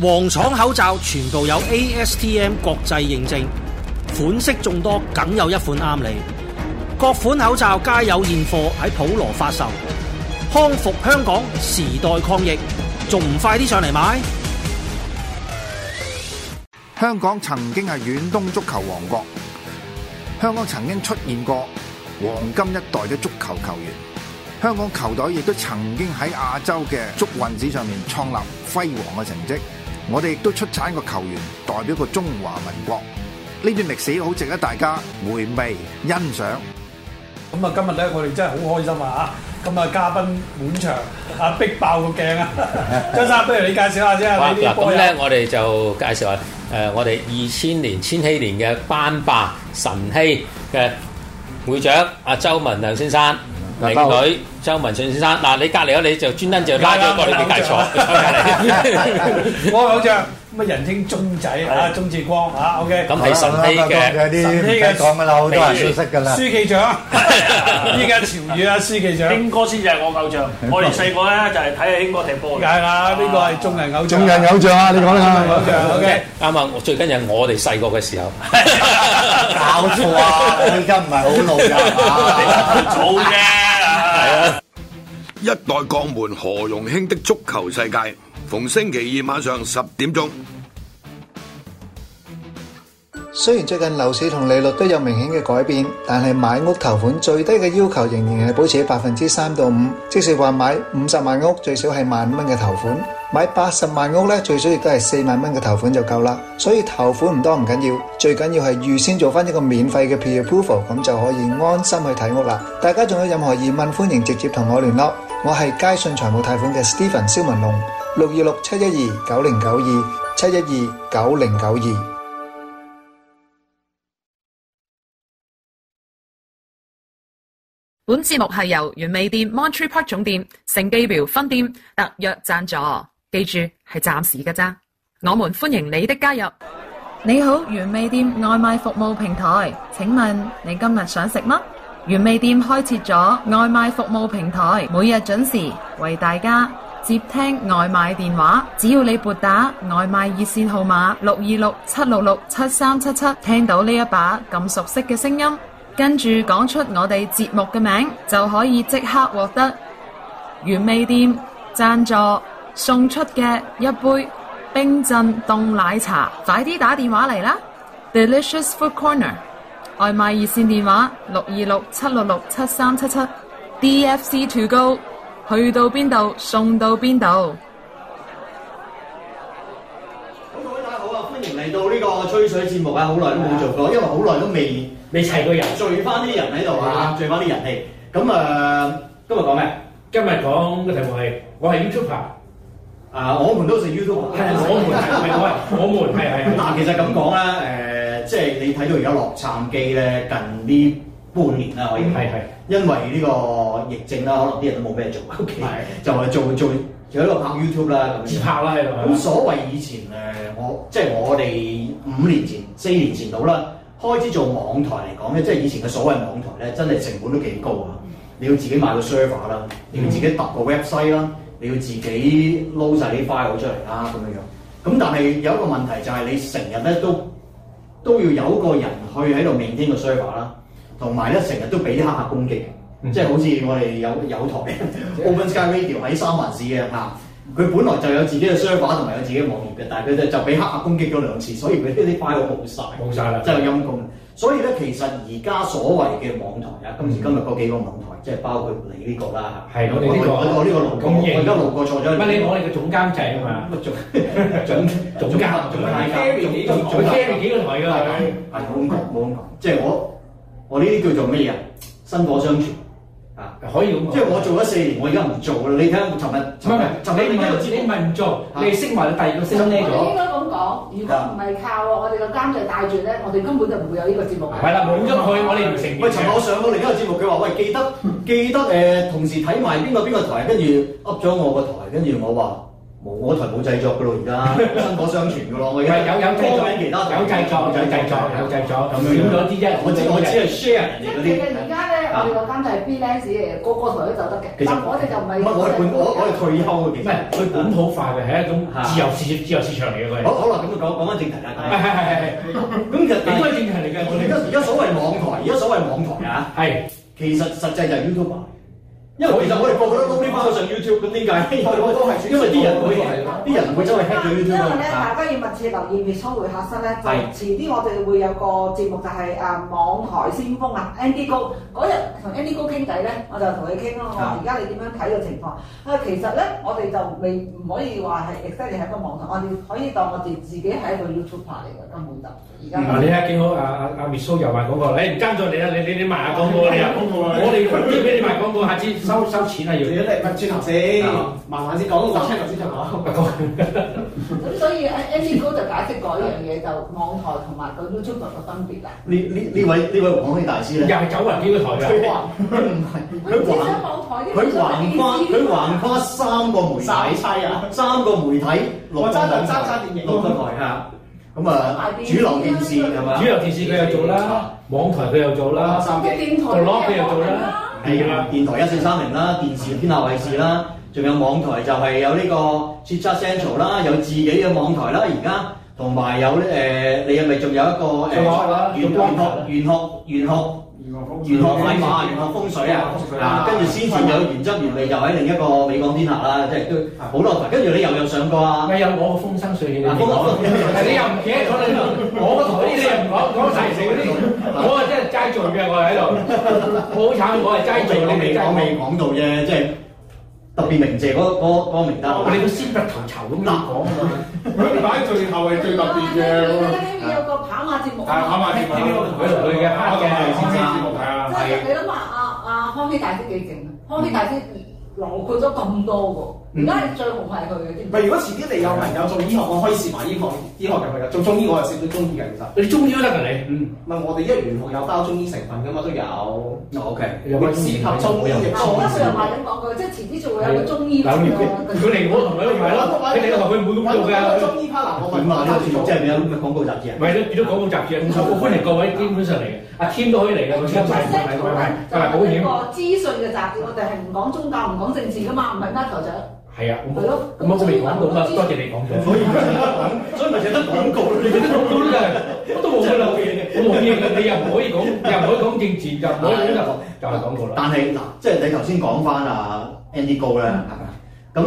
黃廠口罩全部有 ASTM 國際認證，款式眾多，梗有一款啱你。各款口罩皆有現貨喺普羅發售，康復香港，時代抗疫，仲唔快啲上嚟買？香港曾經係遠東足球王國，香港曾經出現過黃金一代嘅足球球員，香港球隊亦都曾經喺亞洲嘅足運史上面創立輝煌嘅成績。我哋亦都出產個球員代表個中華民國，呢段歷史好值得大家回味欣賞。咁啊，今日咧我哋真係好開心啊！嚇，今日嘉賓滿場啊，逼爆個鏡啊！張生，不如你介紹下先啊！嗱，咁咧我哋就介紹下，誒，我哋二千年千禧年嘅班霸晨曦嘅會長阿周文亮先生。靚女，周文信先生，嗱，你隔離啊，你，你就專登就拉咗過嚟邊間坐，我偶像。乜人稱鐘仔啊，鐘志光啊，OK。咁係神飛嘅，神飛嘅講嘅啦，好多人熟悉嘅啦。書記長，依家潮語啊書記長，英哥先至係我偶像。我哋細個咧就係睇下英哥踢波。係啦，呢個係眾人偶像？眾人偶像啊，你講啦。OK。啱啊，最緊要係我哋細個嘅時候。搞錯啊！我依家唔係好老嘅，早啫。係啊。一代鋼門何容興的足球世界逢星期二晚上十點鐘。雖然最近樓市同利率都有明顯嘅改變，但係買屋頭款最低嘅要求仍然係保持喺百分之三到五。即係話買五十萬屋最少係萬五蚊嘅頭款，買八十萬屋呢最少亦都係四萬蚊嘅頭款就夠喇。所以頭款唔多唔緊要，最緊要係預先做返一個免費嘅 pre approval，噉就可以安心去睇屋喇。大家仲有任何疑問，歡迎直接同我聯絡。我係佳信財務貸款嘅 Stephen 肖文龍，六二六七一二九零九二七一二九零九二。本節目係由原味店 Monterey Park 總店、聖基廟分店特約贊助，記住係暫時嘅咋。我們歡迎你的加入。你好，原味店外賣服務平台，請問你今日想食乜？原味店開設咗外賣服務平台，每日準時為大家接聽外賣電話。只要你撥打外賣熱線號碼六二六七六六七三七七，7 7，聽到呢一把咁熟悉嘅聲音，跟住講出我哋節目嘅名，就可以即刻獲得原味店贊助送出嘅一杯冰鎮凍奶茶。快啲打電話嚟啦！Delicious Food Corner。外賣熱線電話六二六七六六七三七七，D F C to go，去到邊度送到邊度？好，各位大家好啊，歡迎嚟到呢個吹水節目啊！好耐都冇做過，因為好耐都未未齊過人，聚翻啲人喺度啊，聚翻啲人氣。咁啊，今日講咩？今日講嘅題目係我係 Youtuber。啊！我們都食 YouTuber，我們係我係我們係係。嗱，其實咁講啦，誒，即係你睇到而家洛杉磯咧，近呢半年啦，可以係係，因為呢個疫症啦，可能啲人都冇咩做，OK，就係做做，就喺度拍 YouTube 啦，咁自拍啦。咁所謂以前誒，我即係我哋五年前、四年前度啦，開始做網台嚟講咧，即係以前嘅所謂網台咧，真係成本都幾高啊！你要自己買個 server 啦，你要自己搭個 website 啦。你要自己撈晒啲 file 出嚟啦，咁樣樣。咁但係有一個問題就係你成日咧都都要有個人去喺度 maintain 個 server 啦，同埋咧成日都俾啲黑客攻擊，即係、嗯、哼好似我哋有有台 Open Sky Radio 喺三藩市嘅嚇，佢本來就有自己嘅 server 同埋有自己嘅網頁嘅，但係佢就就俾黑客攻擊咗兩次，所以佢呢啲啲 file 冇晒。冇晒啦，真係陰功。所以咧，其實而家所謂嘅網台啊，今時今日嗰幾個網台，即係包括你呢個啦嚇。係我呢個，我呢個路過，我而家路過錯咗。唔係你講你嘅總監製啊嘛。唔係總總總監，總監。佢 challenge 幾個台㗎嘛？係冇咁講，冇咁講。即係我，我呢啲叫做咩啊？薪火相傳啊，可以咁講。即係我做咗四年，我而家唔做啦。你睇下，尋日尋日，尋日你呢個字，你唔係唔做，你熄埋第二個聲咩咗？講，如果唔係靠我哋個監製帶住咧，我哋根本就唔會有呢個節目。係啦，冇咗佢，我哋唔成。喂，尋日我上到嚟另一個節目，佢話：喂，記得記得誒、呃，同時睇埋邊個邊個台，跟住噏咗我個台，跟住我話冇，我台冇製作嘅咯，而家薪火相傳嘅咯， 我而家有有多啲，有製作，有製作，有製作咁樣少咗啲啫。我知我知係 share 人哋啲。是我哋嗰間就係 balance 個個台都就得嘅。其實我哋就唔係，我哋本，我我哋退休嗰邊，唔係佢本土化嘅，係一種自由市自由市場嚟嘅佢。好，好啦，咁就講講翻正題啦。係係係係係。咁就幾多正題嚟嘅？我哋而家所謂網台，而家所謂網台啊。係，其實實際就係 YouTuber。因為其實我哋播嗰啲貓上 YouTube 咁點解？因為啲人嗰個係，啲人會因為會、啊會啊啊、會真 h i、啊啊、因為咧，大家要密切留意月初會客室咧。係。就遲啲我哋會有個節目，就係、是、誒、啊、網台先鋒啊 Andy 哥嗰日同 Andy 哥傾偈咧，我就同佢傾咯。而家你點樣睇個情況啊？其實咧，我哋就未唔可以話係 exactly 喺一個網台，我哋可以當我哋自己喺一個 YouTuber 嚟嘅根本就。嗱，你睇見好阿阿阿 Michelle 又話嗰個，你唔爭在你啦，你你你賣廣告啊，你又我我哋要俾你賣廣告，下次收收錢啊要。唔轉頭先，慢慢先講，我 check 頭先就好。咁所以 Andy 哥就解釋嗰樣嘢，就網台同埋 YouTube 嘅分別啦。呢呢呢位呢位黃飛大師咧，又走埋幾個台啊？佢唔係，佢橫跨，佢橫跨，佢橫跨三個媒體。仔妻啊！三個媒體，六個台嚇。主流電視係嘛？主流電視佢又做啦，網台佢又做啦，三 G，TALK 佢又做啦，係電台一四三零啦，電視天下衞視啦，仲有網台就係有呢個 Search Central 啦，有自己嘅網台啦，而家同埋有呢，誒，你係咪仲有一個誒？玄學，玄學，玄學。玄學鬼話啊，玄學風水啊，啊，跟住先前有原則原理又喺另一個美港天下啦，即係都好多台，跟住你又有上過啊，你又講風生水起嚟講，係你又唔企喺度，我嗰台呢你又唔講講齊成嗰啲，我係真係齋做嘅，我喺度，好慘，我係齋做，你未講未講到啫，即係。特別鳴謝嗰、那個嗰個名單我哋都先得頭籌咁講啊嘛，佢擺最後係最特別嘅、嗯。係啊，因為有個跑馬節目。跑馬節目，呢個同佢嘅黑嘅康熙節目係啊。真係你諗下，阿阿康熙大師幾正啊？康熙大師。流過咗咁多㗎，而家最紅係佢嘅。唔係，如果遲啲你有朋友做醫學，我可以試埋醫學，醫學入去嘅。做中醫我又識到中醫嘅。其實你中醫都得㗎你，唔係我哋一元學有包中醫成分㗎嘛，都有。就 OK，又涉及中醫，亦都我覺得佢又賣緊廣告即係遲啲仲會有個中醫。佢嚟我同佢咪咯，你哋話佢唔會咁做嘅。中醫 partner，點啊？呢啲即係咩啊？咁嘅廣告雜誌啊？唔係啦，幾多廣告雜誌啊？歡迎各位基本上嚟嘅，阿 Tim 都可以嚟㗎。佢真係唔係唔係，就係保險個資訊嘅雜誌，我哋係唔講宗教，唔講。政治噶嘛，唔係貓頭鷹。係啊，係咯，咁我未講到嘛，多謝你講咗。所以所以咪成得廣告咯，你哋都錄到啲嘅，乜都冇得攞嘢，冇嘢嘅，你又唔可以講，又唔可以講政治，就唔可以咁就講，就係廣告啦。但係嗱，即係你頭先講翻啊 Andy Go 咧，咁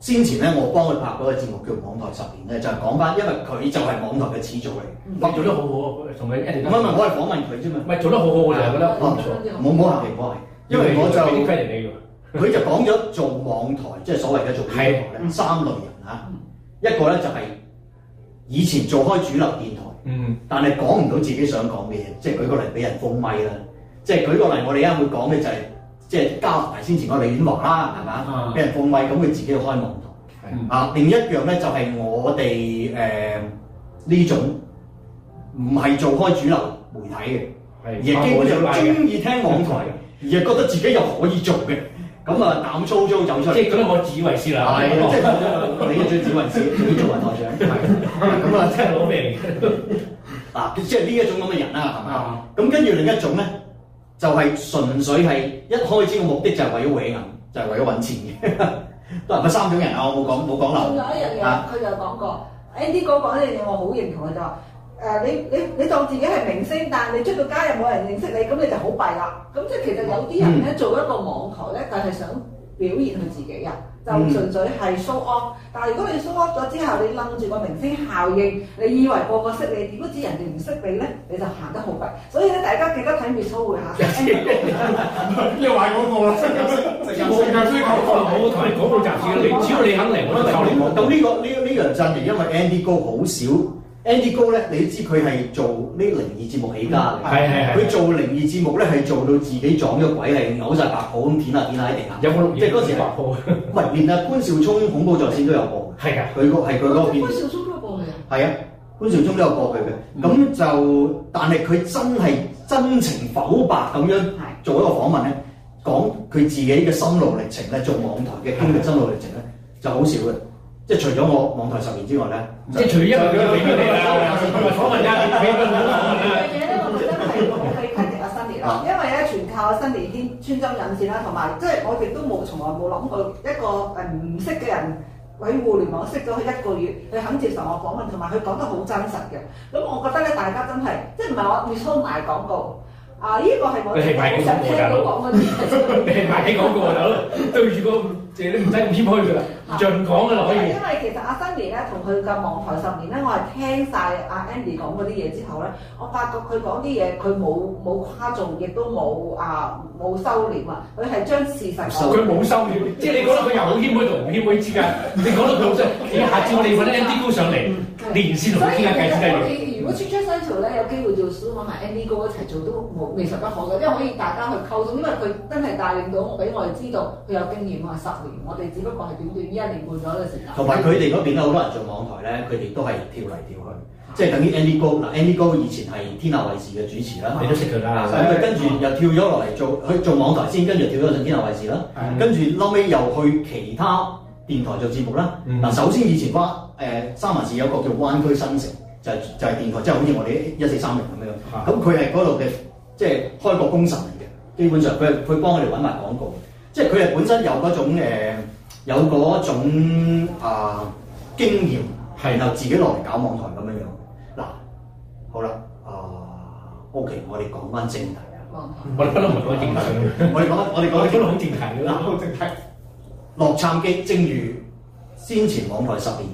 先前咧，我幫佢拍嗰個節目叫《網台十年》咧，就係講翻，因為佢就係網台嘅始祖嚟，拍做得好好，同佢我係訪問佢啫嘛，咪做得好好，我哋又覺得唔錯，冇冇限定我係，因為我就佢 就講咗做網台，即係所謂嘅做電台的三類人嚇、啊。嗯、一個咧就係以前做開主流電台，嗯、但係講唔到自己想講嘅嘢，即、就、係、是、舉個例俾人封麥啦。即、就、係、是、舉個例我會、就是，我哋而家會講嘅就係即係加埋先前嗰李遠華啦，係嘛？俾、嗯、人封咪，咁佢自己開網台、嗯、啊。另一樣咧就係我哋誒呢種唔係做開主流媒體嘅，的而係基本上中意聽網台，而係覺得自己又可以做嘅。咁啊膽粗粗走出嚟，即係噉我自以為是啦。係，即係攞張，攞張紙為是，做做雲台長。係，咁啊，即係攞命。嗱，即係呢一種咁嘅人啦，係嘛？咁跟住另一種咧，就係純粹係一開始嘅目的就係為咗搲銀，就係為咗揾錢嘅。都係咪三種人啊？我冇講冇講漏。仲有一樣嘢，佢又講過，誒呢個講嘅嘢我好認同佢就話。誒你你你當自己係明星，但係你出到街又冇人認識你，咁你就好弊啦。咁即係其實有啲人咧做一個網台咧，但係想表現佢自己啊，就純粹係 show off。但係如果你 show off 咗之後，你冧住個明星效應，你以為個個識你，點都知人哋唔識你咧，你就行得好弊。所以咧，大家記得睇 Meetup 會下 Andy 哥，邊個玩嗰個啊？成日成日成日都講嗰個，我睇嗰個就係只要你只要你肯嚟，我哋就你。咁呢個呢呢樣真嘅，因為 Andy 哥好少。Andy Go 咧，你都知佢係做呢靈異節目起家嚟嘅，佢、嗯嗯、做靈異節目咧係做到自己撞咗鬼，係扭晒白泡咁，舔下片下喺地下。有冇即係嗰時白泡？喂不，連啊，潘紹聰恐怖在線都有播嘅。係啊的，佢個係佢嗰個片。潘紹聰都有播佢啊。係啊，潘紹聰都有播過。嘅。咁就，但係佢真係真情剖白咁樣做一個訪問咧，講佢自己嘅心路歷程咧，做網台嘅經歷心路歷程咧，就好少嘅。即係除咗我網台十年之外咧，即係隨便一個俾咗你啦。佢咪我去拍阿新年，因為咧全靠新年天穿針引線啦，同埋即係我亦都冇從來冇諗過一個誒唔識嘅人喺互聯網識咗佢一個月，佢肯接受我訪問，同埋佢講得好真實嘅。咁我覺得咧，大家真係即係唔係我月初賣廣告。啊！呢個係我其實係咁講嘅，你係賣啲廣告就咯，對住個嘢你唔使咁謙虛㗎啦，盡講㗎啦可以。因為其實阿 Sunny 咧同佢嘅網台十年咧，我係聽曬阿 Andy 講嗰啲嘢之後咧，我發覺佢講啲嘢佢冇冇誇縱，亦都冇啊冇收斂啊，佢係將事實。佢冇收斂，即係你覺得佢又好謙虛，同唔謙虛之間，你覺得佢好真，你下次你揾 Andy 哥上嚟，你先同佢傾下偈，先計完。所以其實我哋如果出出新台咧，有機會做少可埋 Andy 哥一齊做都，其實不可嘅，因為可以大家去溝通，因為佢真係帶領到俾我哋知道佢有經驗啊，十年，我哋只不過係短短一年半咗嘅時間。同埋佢哋嗰邊咧，好多人做網台咧，佢哋都係跳嚟跳去，嗯、即係等於 Andy Go 嗱，Andy Go、嗯、以前係天下衛視嘅主持啦，你都識佢啦，咁佢、嗯嗯、跟住又跳咗落嚟做去做網台先，跟住跳咗上天下衛視啦，嗯、跟住後尾又去其他電台做節目啦。嗱、嗯，首先以前翻誒、呃、三藩市有個叫灣區新城，就係、是、就係、是、電台，即、就、係、是、好似我哋一四三零咁樣，咁佢係嗰度嘅。嗯嗯即係開國功臣嚟嘅，基本上佢佢幫我哋揾埋廣告，即係佢哋本身有嗰種、呃、有嗰種啊、呃、經驗，係然後自己落嚟搞網台咁樣樣。嗱，好啦、呃 okay，啊，OK，我哋講翻正題啊， 我哋不能唔講正題我哋講得我哋講得好正題嘅啦，好正題。洛杉磯正如先前網台十年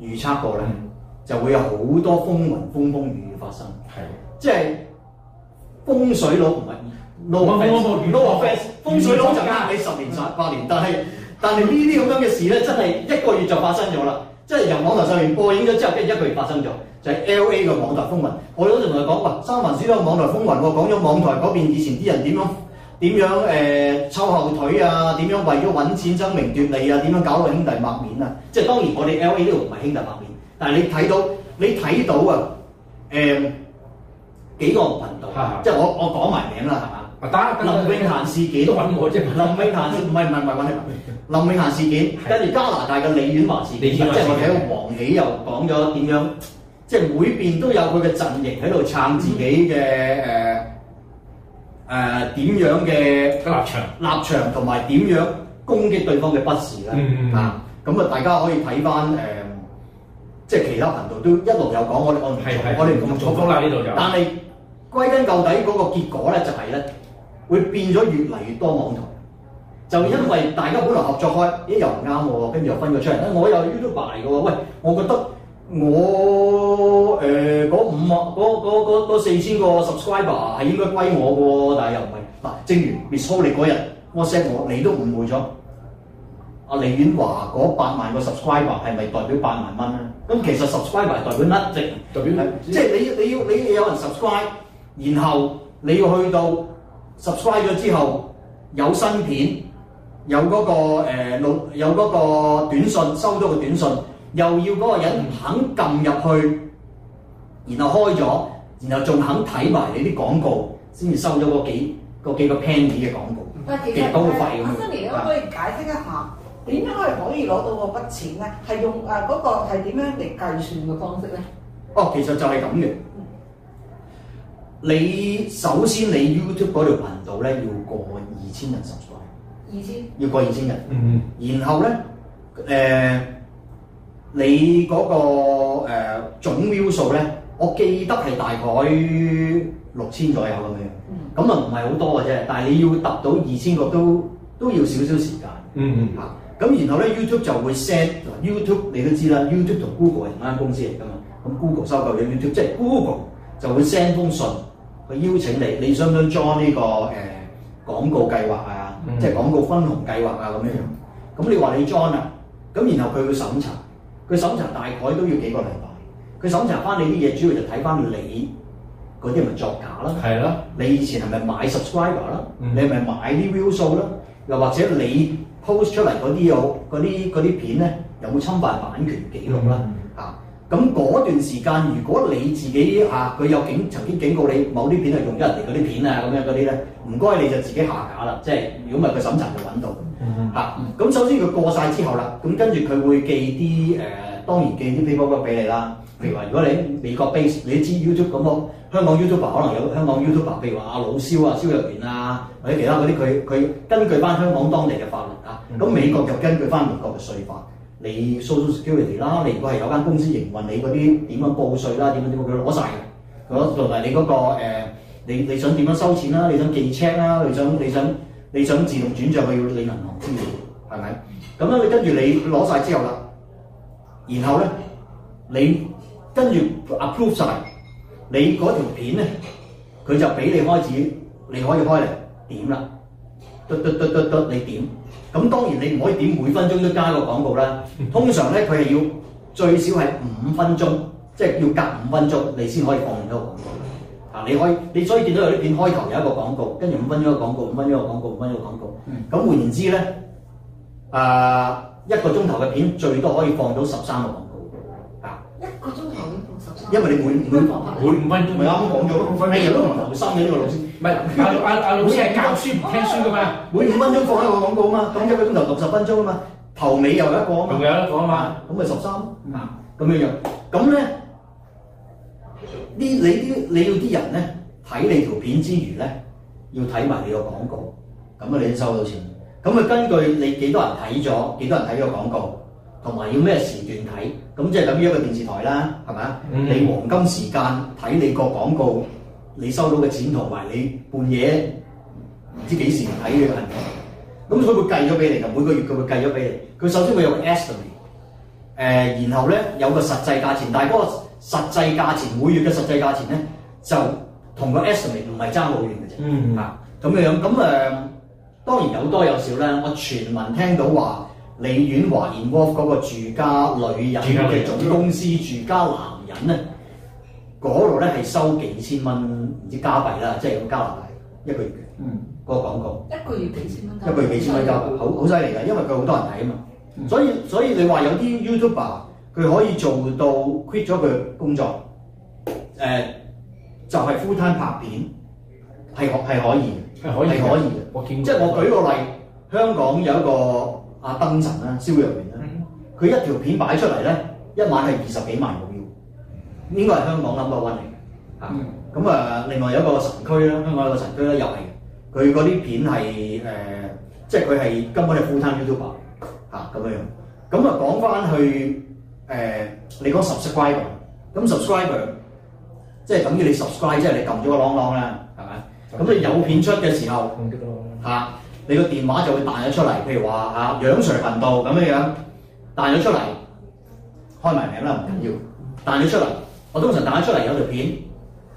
預測過咧，嗯、就會有好多風雲風風雨雨發生，係的 即係。風水佬唔係，羅華 fans，如果話 fans，風水佬就加你十年十 八年，但係但係呢啲咁樣嘅事咧，真係一個月就發生咗啦，即、就、係、是、由網台上面播映咗之後，跟住一個月發生咗，就係、是、L A 個網台風雲，我哋都同佢講，喂，三環市嗰個網台風雲我講咗網台嗰邊以前啲人點樣點樣誒抽、呃、後腿啊，點樣為咗揾錢爭名奪利啊，點樣搞到兄弟抹面啊，即係當然我哋 L A 呢度唔係兄弟抹面，但係你睇到你睇到啊誒。呃嗯幾個頻道，即係我我講埋名啦，係嘛？林永賢事件都揾我啫。林永賢唔係唔係唔係林永賢事件，跟住加拿大嘅李婉華事件，即係我睇到黃喜又講咗點樣，即係每邊都有佢嘅陣營喺度撐自己嘅誒誒點樣嘅立場、立場同埋點樣攻擊對方嘅不是咧。啊，咁啊，大家可以睇翻誒，即係其他頻道都一路有講，我哋我唔做，我哋唔咁做。但係。歸根究底嗰個結果咧，就係咧會變咗越嚟越多網台，就因為大家本來合作開，咦又唔啱喎，跟住又分咗出嚟，我又輸咗牌嘅喎，喂，我覺得我誒、呃、五萬嗰四千個 subscriber 係應該歸我嘅喎，但係又唔係，正如 Miss Ho 你嗰日我 WhatsApp 我，你都誤會咗，阿李婉華嗰八萬個 subscriber 係咪代表八萬蚊？咁其實 subscriber 代表乜嘢？代表即係你要你要有人 subscribe。然後你要去到 subscribe 咗之後，有新片，有嗰、嗰個誒、呃、有嗰個短信，收咗個短信，又要嗰個人唔肯撳入去，然後開咗，然後仲肯睇埋你啲廣告，先至收咗嗰幾嗰個 penny 嘅廣告，幾高貴咁。阿 Sunny 可唔可以解釋一下點樣可以可以攞到嗰筆錢咧？係用誒嗰個係點樣嚟計算嘅方式咧？哦，其實就係咁嘅。你首先你 YouTube 嗰條頻道咧，要過二千人訂閱，二千 2000? 要過二千人。嗯、mm，hmm. 然後咧誒、呃，你嗰、那個誒、呃、總秒數咧，我記得係大概六千左右咁樣，咁啊唔係好多嘅啫，但係你要達到二千個都都要少少時間，嗯嗯、mm，嚇、hmm. 啊，咁然後咧 YouTube 就會 send，YouTube 你都知啦，YouTube 同 Google 係同一間公司嚟噶嘛，咁 Google 收購咗 YouTube，即係 Google 就會 send 封信。佢邀請你，你想唔想 join 呢、這個誒、呃、廣告計劃啊？即係廣告分紅計劃啊咁、mm hmm. 樣。咁你話你 join 啊？咁然後佢會審查，佢審查大概都要幾個禮拜。佢審查翻你啲嘢，主要就睇翻你嗰啲係咪作假啦？係咯的。你以前係咪買 subscriber 啦、mm？Hmm. 你係咪買啲 view 數啦？又或者你 post 出嚟嗰啲有啲啲片咧，有冇侵犯版權記錄啦？Mm hmm. 咁嗰段時間，如果你自己嚇佢、啊、有警曾經警告你，某啲片係用咗人哋嗰啲片啊，咁樣嗰啲咧，唔該你就自己下架啦。即係如果唔係佢審查就揾到嚇。咁、嗯哼啊、首先佢過晒之後啦，咁、啊、跟住佢會寄啲誒、呃，當然寄啲 paperwork 俾你啦。譬如話，如果你美國 base，你知 YouTube 咁好，香港 YouTuber 可能有香港 YouTuber 譬如話阿老蕭啊、蕭若元啊，或者其他嗰啲，佢佢根據翻香港當地嘅法律啊，咁、嗯、哼美國就根據翻美國嘅稅法。你 social security 啦，你如果係有間公司營運，你嗰啲點樣報稅啦，點樣點樣，佢攞晒，嘅、呃。嗰度係你嗰個你你想點樣收錢啦，你想寄 check 啦，你想你想你想，你想自動轉賬去你銀行之類，係咪？咁、嗯嗯嗯、你跟住你攞晒之後啦，然後咧，你跟住 approve 晒，你嗰條片咧，佢就俾你開始，你可以開嚟點啦。嘟嘟嘟嘟嘟，你點？咁當然你唔可以點每分鐘都加一個廣告啦。通常咧，佢係要最少係五分鐘，即係要隔五分鐘你先可以放到一個廣告。嗱，你可以，你所以見到有啲片開頭有一個廣告，跟住五分鐘一個廣告，五分鐘一個廣告，五分鐘一個廣告。咁、嗯、換言之咧，誒一個鐘頭嘅片最多可以放到十三個廣告。因為你每每每五分鐘，咪啱講咗咯，每日都唔同。十三呢個老師，唔係阿阿老師係教書唔聽書噶嘛，每五分鐘放一個廣告嘛，咁一個鐘頭六十分鐘啊嘛，頭尾又一個啊嘛。仲有一個啊嘛，咁咪十三嗱，咁樣樣，咁咧呢？你啲你要啲人咧睇你條片之餘咧，要睇埋你個廣告，咁啊你先收到錢。咁啊根據你幾多人睇咗，幾多人睇咗個廣告，同埋要咩時段睇，咁即係等於一個電視台啦，係咪啊？Mm hmm. 你黃金時間睇你個廣告，你收到嘅錢同埋你半夜唔知幾時睇嘅問題，咁佢會計咗俾你噶，每個月佢會計咗俾你。佢首先會有個 estimate，誒、呃，然後咧有個實際價錢，但係嗰個實際價錢每月嘅實際價錢咧，就同個 estimate 唔係爭好遠嘅啫。嗯、mm，hmm. 啊，咁樣樣咁誒，當然有多有少啦。我傳聞聽到話。李婉華研 Wolf 嗰個住家女人嘅總公司住家男人咧，嗰度咧係收幾千蚊，唔知加幣啦，即係咁加拿大一個月嘅，嗯，個廣告一個月幾千蚊，一個月幾千蚊就好好犀利嘅，因為佢好多人睇啊嘛。所以所以你話有啲 YouTuber 佢可以做到 quit 咗佢工作，誒就係 full time 拍片，係可係可以係可以可以嘅。我見即係我舉個例，香港有一個。阿登、啊、神啦，肖若元啦，佢、嗯、一條片擺出嚟咧，一晚係二十幾萬 view，應該係香港 number one 嚟嘅嚇。咁啊、嗯嗯，另外有一個神區啦，香港有個神區啦，又係佢嗰啲片係誒、呃，即係佢係根本係 full time YouTuber 嚇、啊、咁樣。咁、嗯、啊、嗯嗯嗯嗯嗯嗯，講翻去誒、呃，你講 subscriber，咁 subscriber 即係等於 subscribe，你 subscribe，即係你撳咗個鈴鈴啦，係咪吧？咁、嗯、你有片出嘅時候吓？嗯嗯嗯你個電話就會彈咗出嚟，譬如話嚇楊 Sir 頻道咁樣樣彈咗出嚟，開埋名啦，唔緊要彈咗出嚟。我通常彈咗出嚟有條片，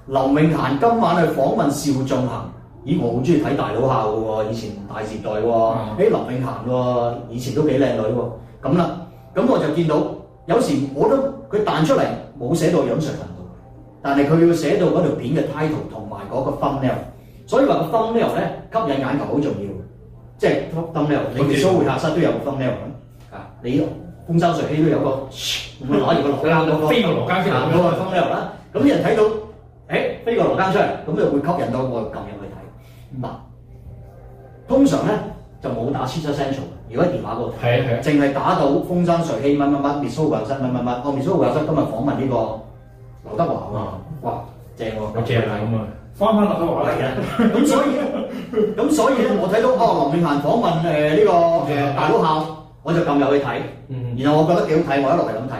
劉永嫻今晚去訪問邵仲衡。咦，我好中意睇大佬校嘅喎，以前大時代喎。誒、嗯，劉永嫻喎，以前都幾靚女喎。咁啦，咁我就見到有時我都佢彈出嚟冇寫到楊 Sir 頻道，但係佢要寫到嗰條片嘅 title 同埋嗰個 thumbnail，所以話個 thumbnail 咧吸引眼球好重要。即係 thumbnail，你連 Miss Ho 會客室都有個 thumbnail，嚇你風生水起都有個，會攞住個羅崗飛個羅崗出嚟，咁啲人睇到，誒飛個羅崗出嚟，咁就會吸引到我撳入去睇。唔同，通常咧就冇打 central，如果喺電話嗰度，係啊係啊，淨係打到風生水起乜乜乜，Miss Ho 會客室乜乜乜，我 Miss Ho 會客室今日訪問呢個劉德華喎，哇正喎，好正啊咁啊！翻翻落咗落嚟嘅，咁所以，咁所以咧，我睇到哦，林永賢訪問誒呢個嘅大佬校，我就撳入去睇，然後我覺得幾好睇，我一路係咁睇，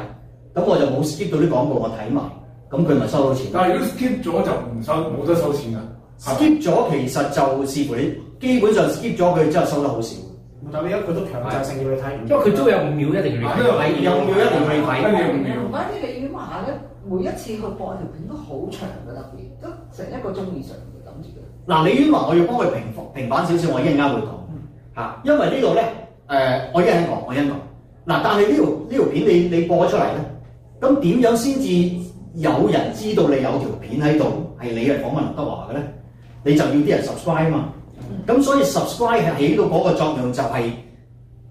咁我就冇 skip 到啲廣告，我睇嘛。咁佢咪收到錢。但係如果 skip 咗就唔收，冇得收錢㗎。skip 咗其實就視乎，基本上 skip 咗佢真係收得好少。但係而家佢都強制性要去睇，因為佢都有五秒一定要你睇，有五秒一定要睇。同埋啲李宇華咧，每一次佢播條片都好長嘅特成一個鐘以上感，等住佢。嗱，李總話我要幫佢平復、平反少少，我一陣間會講嚇。因為呢度咧，誒，我一陣間講，我一陣講。嗱、啊，但係呢條呢條片你你播出嚟咧，咁點樣先至有人知道你有條片喺度，係你嚟訪問劉德華嘅咧？你就要啲人 subscribe 啊嘛。咁、嗯、所以 subscribe 係起到嗰個作用，就係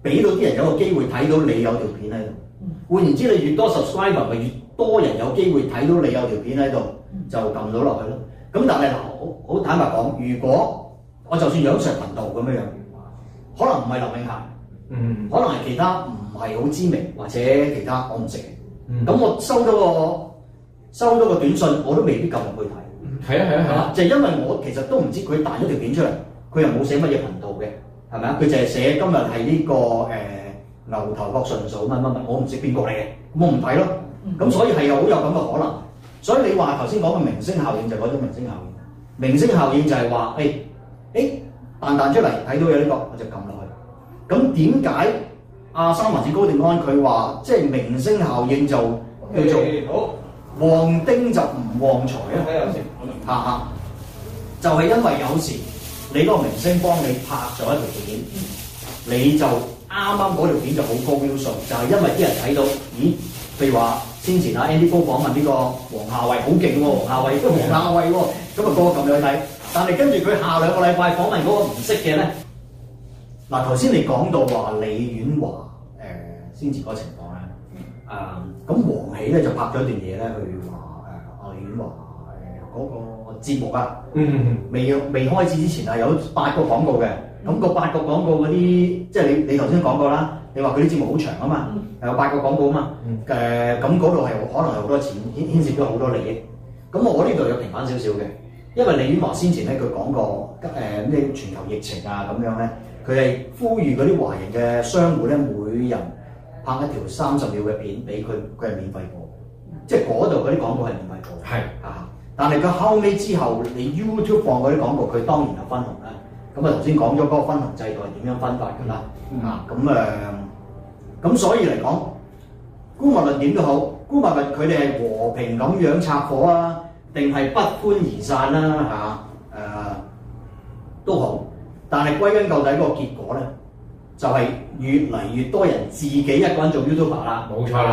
俾到啲人有個機會睇到你有條片喺度。嗯、換言之，你越多 subscribe，咪越多人有機會睇到你有條片喺度，嗯、就撳到落去咯。咁但係嗱，好坦白講，如果我就算養成頻道咁樣樣，可能唔係劉永洽，嗯，可能係其他唔係好知名或者其他我，我唔識嘅。咁我收到個收咗個短信，我都未必撳入去睇。係啊係啊係啊，啊啊就因為我其實都唔知佢彈咗條片出嚟，佢又冇寫乜嘢頻道嘅，係咪啊？佢就係寫今日係呢個誒、呃、牛頭角順嫂乜乜乜，我唔識邊個嚟嘅，我唔睇咯。咁、嗯、所以係又好有咁嘅可能。所以你話頭先講嘅明星效應就係、是、咗明星效應，明星效應就係話，哎、欸，哎、欸，彈彈出嚟睇到有呢、這個，我就撳落去。咁點解阿三文治高定安佢話，即係、就是、明星效應就叫做旺 Okay, 丁就唔旺財咧？就係、是、因為有時你嗰個明星幫你拍咗一條片，mm hmm. 你就啱啱嗰條片就好高標數，就係、是、因為啲人睇到，咦？譬如話。先前喺《Andy Show》訪問呢個黃夏蕙好勁喎，黃、哦、夏蕙都黃夏蕙喎，咁啊的、嗯、個個撳你睇。但係跟住佢下兩個禮拜訪問嗰個唔識嘅咧，嗱頭先你講到話李婉華誒、呃，先前嗰個情況咧，啊咁王喜咧就拍咗一段嘢咧去話誒李婉華嗰個節目啊，嗯，嗯，嗯，未未開始之前啊有八個廣告嘅，咁、嗯、個八個廣告嗰啲即係你你頭先講過啦。你話佢啲節目好長啊嘛，有、嗯呃、八個廣告啊嘛，誒咁嗰度係可能係好多錢，牽涉咗好多利益。咁我呢度有平反少少嘅，因為李遠華先前咧佢講過，誒、呃、咩全球疫情啊咁樣咧，佢係呼籲嗰啲華人嘅商戶咧，每人拍一條三十秒嘅片俾佢，佢係免費播，即係嗰度嗰啲廣告係免費播，係的啊，但係佢後尾之後你 YouTube 放嗰啲廣告，佢當然有分紅。咁、嗯嗯嗯、啊，頭先講咗嗰個分紅制度係點樣分法㗎啦？啊，咁、呃、啊，咁所以嚟講，姑勿論點都好，姑勿論佢哋係和平咁樣拆夥啊，定係不歡而散啦？嚇，誒都好，但係歸根究底嗰個結果咧，就係、是、越嚟越多人自己一個人做 YouTuber 啦。冇錯啦。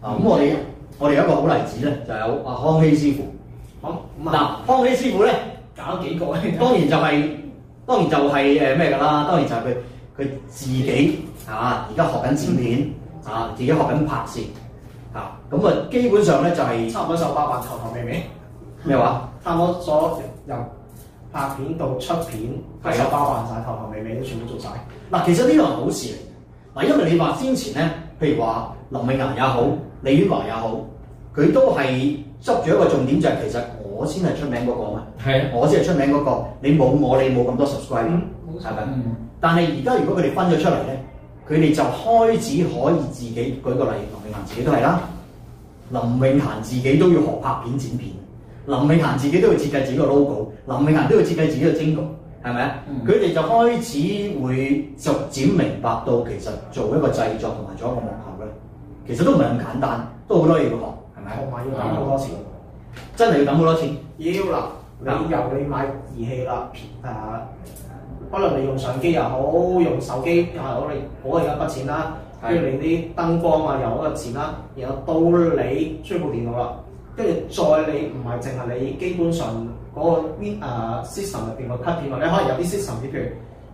啊、嗯，咁、嗯、我哋我哋有一個好例子咧，就有阿、啊、康熙師傅。好、嗯。嗱、嗯，康熙師傅咧搞咗幾個？ 當然就係、是。當然就係誒咩㗎啦，當然就係佢佢自己嚇，而、啊、家學緊剪片嚇、啊，自己學緊拍攝嚇，咁啊基本上咧就係、是、差唔多手包辦頭頭尾尾咩話？嗯、差唔多所由拍片到出片，手的包辦晒頭頭尾尾都全部做晒。嗱，其實呢樣好事嚟。嗱，因為你話先前咧，譬如話林永華也好，李遠華也好，佢都係執住一個重點，就係、是、其實我先係出名、嗰個係啊，我先係出名嗰、那個，你冇我，你冇咁多 subscribers 係咪？吧嗯、但係而家如果佢哋分咗出嚟咧，佢哋就開始可以自己舉個例，林永恆自己都係啦。嗯、林永恆自己都要學拍片剪片，林永恆自己都要設計自己個 logo，林永恆都要設計自己個 jingle，係咪啊？佢哋、嗯、就開始會逐漸明白到其實做一個製作同埋做一個幕後咧，嗯、其實都唔係咁簡單，都好多嘢要學，係咪？同埋要等好多次，真係要等好多次、嗯。要啦。你由你買儀器啦，誒、啊，可能你用相機又好，用手機又好，你攞咗一筆錢啦、啊，跟住、嗯、你啲燈光啊，由嗰個錢啦、啊，然後到你出部電腦啦，跟住再你唔係淨係你基本上嗰、那個邊誒 system 入邊個 cut 片，或者可能有啲 system，譬如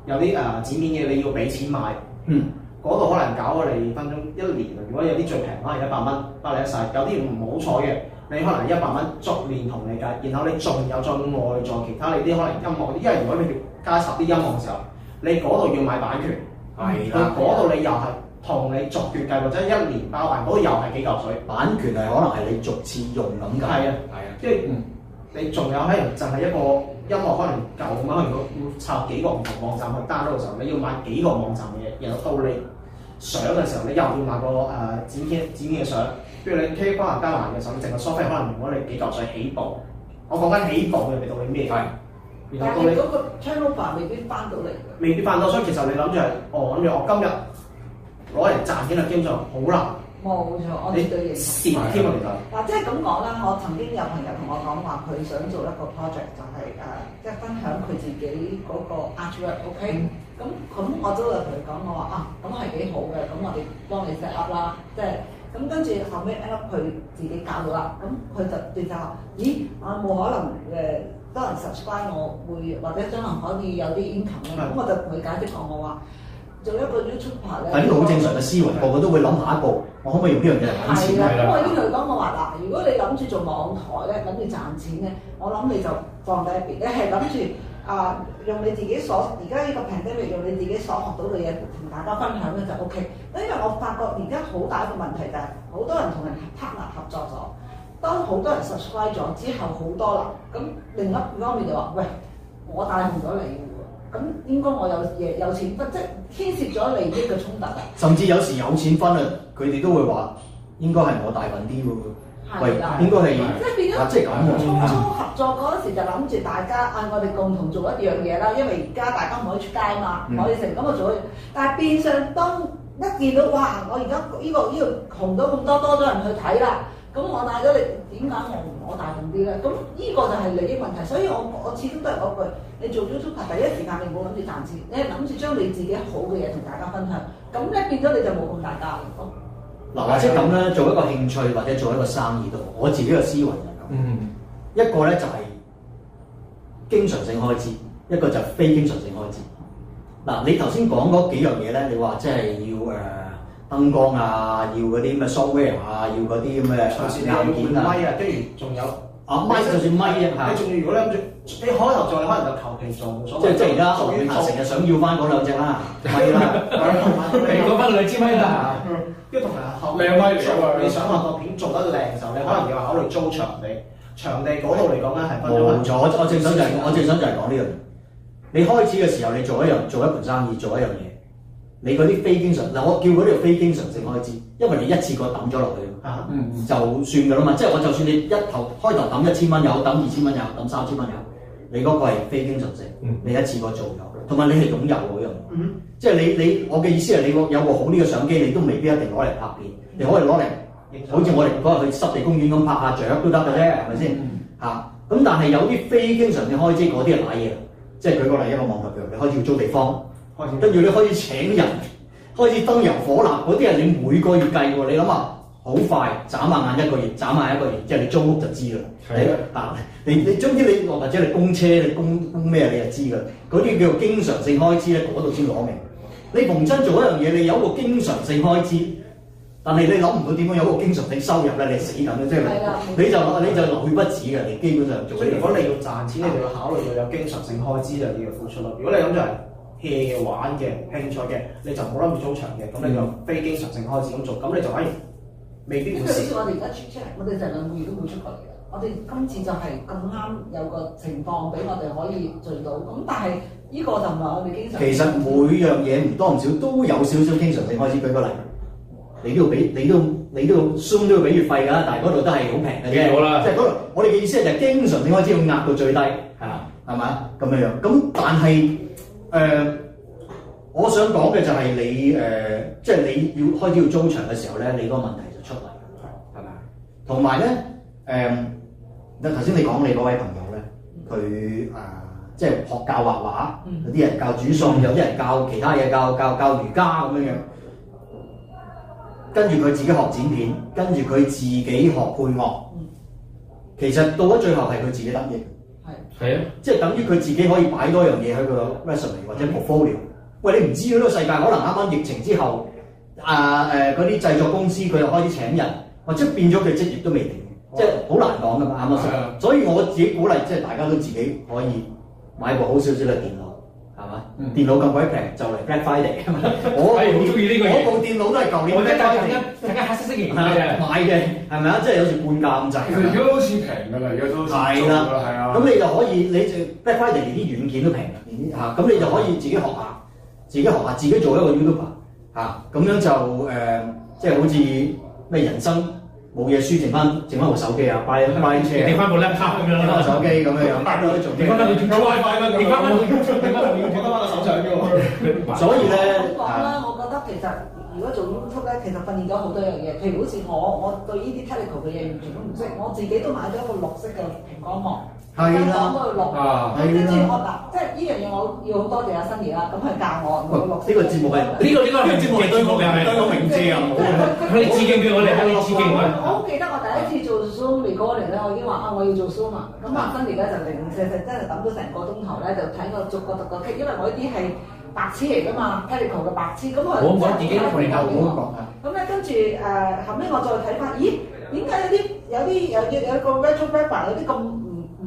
有啲誒剪片嘢你要俾錢買，嗯，嗰度可能搞咗你分鐘一年，如果有啲最平可能一百蚊包你一世，有啲唔好彩嘅。你可能一百蚊逐年同你計，然後你仲有再外在其他你啲可能音樂啲，因為如果你要加插啲音樂嘅時候，你嗰度要買版權，係啦，嗰度你又係同你逐月計或者一年包埋，嗰度又係幾嚿水，版權係可能係你逐次用咁計。啊，係啊，即係嗯，你仲有、就係、可能就係一個音樂可能舊咁樣，如果要插幾個唔同網站去 download 嘅時候，你要買幾個網站嘅嘢收你。有相嘅時候，你又要買個誒、呃、剪片剪嘅相，譬如你 K 方加埋嘅時候，淨係 s o p h 可能如果你幾舊水起步，我講緊起步嘅你讀緊咩？係。嗯、後但係嗰個 channel 未必翻到嚟。未必翻到，所以其實你諗住係哦，咁你我今日攞嚟賺幾粒金就好難。冇錯，我哋對住蝕埋添啊！嗱，即係咁講啦，我曾經有朋友同我講話，佢想做一個 project，就係、是、誒，uh, 即係分享佢自己嗰個 artwork OK、嗯。咁咁、嗯嗯、我都就同佢講，我話啊，咁係幾好嘅，咁我哋幫你 set up 啦，即係咁跟住後尾 s 佢自己搞到啦，咁、嗯、佢就對就咦，我、啊、冇可能誒多人 subscribe 我會或者將來可以有啲 income 咧，咁是、嗯、我就同佢解釋講我話做一個 YouTuber 咧，咁呢個好正常嘅思維，個個都會諗下一步，我可唔可以用呢樣嘢嚟揾錢㗎啦。咁我已經同佢講，我話嗱，如果你諗住做網台咧，諗住賺錢咧，我諗你就放低一邊，你係諗住。啊！用你自己所而家呢個平底杯，用你自己所學到嘅嘢同大家分享咧就 OK。因為我發覺而家好大一個問題就係、是，好多人同人 partner 合作咗，當好多人 subscribe 咗之後好多啦，咁另一方面就話：喂，我帶動咗你喎，咁應該我有嘢有錢分，即係牽涉咗利益嘅衝突啊！甚至有時有錢分啊，佢哋都會話：應該係我大份啲咯。係啦，喂應該係，即係變咗，即係咁啊！初初合作嗰時就諗住大家，啊，我哋共同做一樣嘢啦，因為而家大家唔可以出街啊嘛，網上咁啊做。但係變相當一見到哇，我而家呢個呢、呢個紅咗咁多，多咗人去睇啦，咁我帶咗你點解我，我大用啲咧？咁呢個就係利益問題，所以我我始終都係嗰句，你做咗促拍第一時間你冇諗住賺錢，你係諗住將你自己好嘅嘢同大家分享，咁咧變咗你就冇咁大家啦。嗱，或者咁咧，做一個興趣或者做一個生意都好，我自己嘅思維就係咁。嗯、一個咧就係經常性開支，一個就非經常性開支。嗱、啊，你頭先講嗰幾樣嘢咧，你話即係要誒、呃、燈光啊，要嗰啲咩 software 啊，要嗰啲咁嘅插線硬件啊，跟住仲有。啊，麥就算麥啊，係。你仲要如果咧，你開頭再可能就求其做，所謂。即即而家何遠霞成日想要翻嗰兩隻啦，係啦。如果翻你知咪啦？因為同阿何，靚麥嚟啊嘛。你想話個片做得靚嘅時候，你可能要考慮租場地。場地嗰度嚟講咧係。冇錯，我正想就係我正想就係講呢樣。你開始嘅時候，你做一樣做一盤生意，做一樣嘢。你嗰啲非經常嗱，我叫嗰啲叫非經常性開支，因為你一次過抌咗落去，啊，嗯，嗯，就算㗎啦嘛，即係我就算你一頭開頭抌一千蚊有，抌二千蚊有，抌三千蚊有，你嗰個係非經常性，嗯嗯你一次過做咗，同埋你係擁有嗰樣，嗯、即係你你我嘅意思係你有個好呢個相機，你都未必一定攞嚟拍片，嗯、你可以攞嚟、嗯、好似我哋嗰日去濕地公園咁拍下相、啊、都得嘅啫，係咪先？嚇、嗯，咁、啊、但係有啲非經常性開支，嗰啲係買嘢，即係舉個例，一個網球場，你可以租地方。跟住你開始請人，開始燈油火蠟嗰啲係，你每個月計喎。你諗下，好快眨下眼一個月，眨下一個月。即係你租屋就知啦。係啊的，你總之你將啲你或者你供車你供供咩你就知噶。嗰啲叫做經常性開支咧，嗰度先攞命。你逢親做一樣嘢，你有一個經常性開支，但係你諗唔到點樣有一個經常性收入咧，你死梗啦，即係的你就的你就流血不止嘅。你基本上做，所以如果你、嗯、你要賺錢，你就要考慮到有經常性開支就要付出咯。如果你咁就係、是。嘅玩嘅興趣嘅，你就冇諗住租場嘅，咁、嗯、你就非經常性開始咁做，咁你就可以未必會。即係我哋而家傳出嚟，我哋就兩個月都冇出過嚟啦。我哋今次就係咁啱有個情況俾我哋可以聚到，咁但係呢個就唔係我哋經常。其實每樣嘢唔多唔少都有少少經常性開始。舉個例，你都要俾，你都你都要 Zoom 都要俾月費㗎，但係嗰度都係好平嘅。即係好啦，即係嗰，我哋嘅意思係就經常性開始要壓到最低，係嘛、嗯？係嘛吧？咁樣樣，咁但係。誒，uh, 我想講嘅就係你誒，即、uh, 係你要開始要租場嘅時候咧，你嗰個問題就出嚟，係咪啊？同埋咧，誒，頭、uh, 先你講你嗰位朋友咧，佢啊，即、uh, 係學教畫畫，有啲人教煮餸，有啲人教其他嘢，教教教瑜伽咁樣樣，跟住佢自己學剪片，跟住佢自己學配樂，其實到咗最後係佢自己得益。係啊，即係等於佢自己可以擺多樣嘢喺佢個 resume 或者 portfolio，嗯。喂，你唔知呢個世界可能啱啱疫情之後，啊誒嗰啲製作公司佢又開始請人，或者係變咗佢職業都未定，哦、即係好難講，㗎嘛啱啱，所以我自己鼓勵即係大家都自己可以買部好少少嘅電腦。係嘛？電腦咁鬼平，就嚟 Black Friday 啊嘛！我好中意呢個。我部電腦都係舊年。我依家黑色色嘅，買嘅係咪啊？即係有時半價咁滯。而家好似平㗎啦，而家都好似平㗎啦。係啦，係啊。咁你就可以，你就 Black Friday 連啲軟件都平啦。嚇，咁你就可以自己學下，自己學下，自己做一個 YouTuber 嚇，咁樣就誒，即係好似咩人生。冇嘢輸剩翻，剩翻部手機啊，擺擺車，掟翻部 notebook 咁樣手機咁樣樣，掟翻去做，掟翻去轉車，掟翻去，掟翻掉轉翻個手掌啫喎。所以咧，講啦，我覺得其實如果做 YouTube 咧，其實訓練咗好多樣嘢。譬如好似我，我對依啲 technical 嘅嘢完全都唔識。我自己都買咗一個綠色嘅蘋果膜。係啦，啊係啦，嗱即係呢樣嘢，我要好多謝阿 Sunny 啦。咁佢教我落呢個節目係，呢個應該係節目對我名字啊。佢致敬佢，你致敬佢。我好記得我第一次做 show 過嚟咧，我已經話啊，我要做 show 嘛。咁阿 Sunny 咧就零零舍舍真係等咗成個鐘頭咧，就睇我逐個逐個劇，因為我呢啲係白痴嚟㗎嘛，批力球嘅白痴。咁我我我自己都唔感覺啊。咁咧跟住誒後尾我再睇翻，咦點解有啲有啲有有個 rap rap 有啲咁？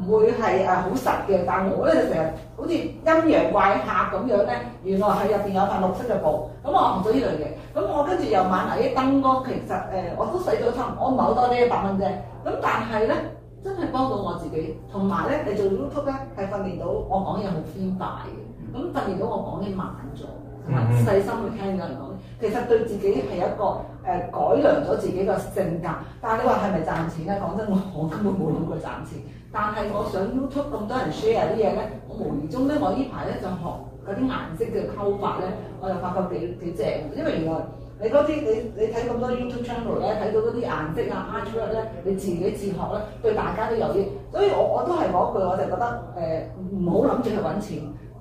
會係誒好實嘅，但係我咧就成日好似陰陽怪客咁樣咧。原來係入邊有份綠色嘅布，咁我學咗呢類嘢。咁我跟住又買埋啲燈光，其實誒、呃、我都使咗差唔，我唔係好多呢一百蚊啫。咁但係咧，真係幫到我自己。同埋咧，你做 YouTube 咧係訓練到我講嘢好偏大嘅，咁訓練到我講嘢慢咗同埋細心去聽啲人講。其實對自己係一個誒、呃、改良咗自己嘅性格。但係你話係咪賺錢咧？講真，我根本冇諗過賺錢。但係我想 YouTube 咁多人 share 啲嘢咧，我無意中咧，我呢排咧就學嗰啲顏色嘅溝法咧，我就發覺幾幾正。因為原來你嗰啲你你睇咁多 YouTube channel 咧，睇到嗰啲顏色啊、color 咧，你自己自學咧，對大家都有益。所以我我都係講句，我就覺得誒，唔好諗住去揾錢，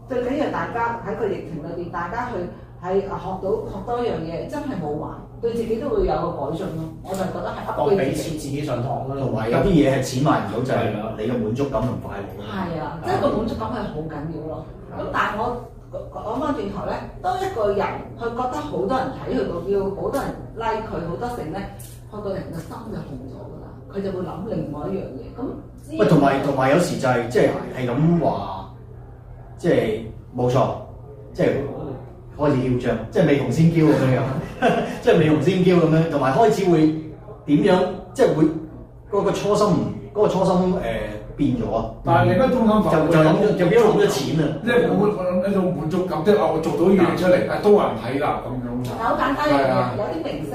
最緊要大家喺個疫情裏邊，大家去喺學到學多一樣嘢，真係冇壞。對自己都會有個改進咯，我就覺得係一個俾錢自己上堂咯，同埋有啲嘢係錢買唔到，就係、是、你嘅滿足感同快樂咯。係啊，嗯、即係個滿足感係好緊要咯。咁的但係我講翻轉頭咧，當一個人佢覺得好多人睇佢，要好多人 like 佢，好多成咧，佢個人嘅心就動咗㗎啦。佢就會諗另外一樣嘢。咁有，喂，同埋同埋有時就係即係係咁話，即係冇錯，即、就、係、是。開始囂張，即係未紅先嬌咁樣， 樣，樣，即係未紅先嬌咁樣，同埋開始會點樣，即係會嗰個初心，嗰個初心誒變咗了啊！但係而家中間反而就咁，就變咗好多錢啊！即係滿，我諗一種滿足感，即係我做到嘢出嚟，都話唔睇啦咁樣。好簡單有啲明星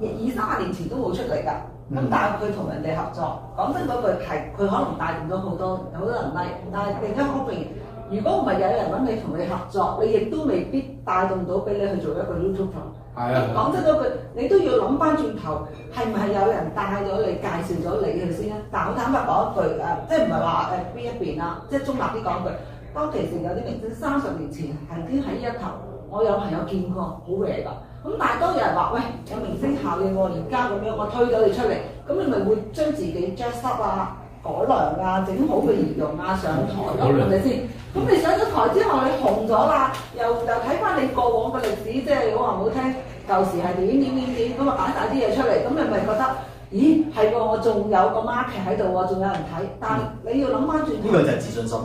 二三十年前都冇出嚟㗎，咁、嗯、但係佢同人哋合作，講真嗰句係，佢可能帶動咗好多有好多人 like，但係另一方面。如果唔係，有人揾你同你合作，你亦都未必帶動到俾你去做一個 YouTube。係啊。講 真嗰句， 你都要諗翻轉頭，係唔係有人帶咗你，介紹咗你去先啊？但係我坦白講一句誒，即係唔係話誒邊一邊啦，即係中立啲講一句。當、呃、其時有啲明星三十年前係已喺呢一頭，我有朋友見過，好 red 㗎咁但係當有人話，喂，有明星效應我而家咁樣，我推咗你出嚟，咁你咪會將自己著濕啊、改良啊、整好嘅儀容啊上台係咪先？咁你上咗台之後你紅咗啦，又又睇翻你過往嘅歷史，即係講話唔好聽，舊時係點點點點，咁啊擺晒啲嘢出嚟，咁你咪覺得，咦係喎，我仲有個 market 喺度喎，仲有人睇，但你要諗翻轉頭，呢個就係自信心。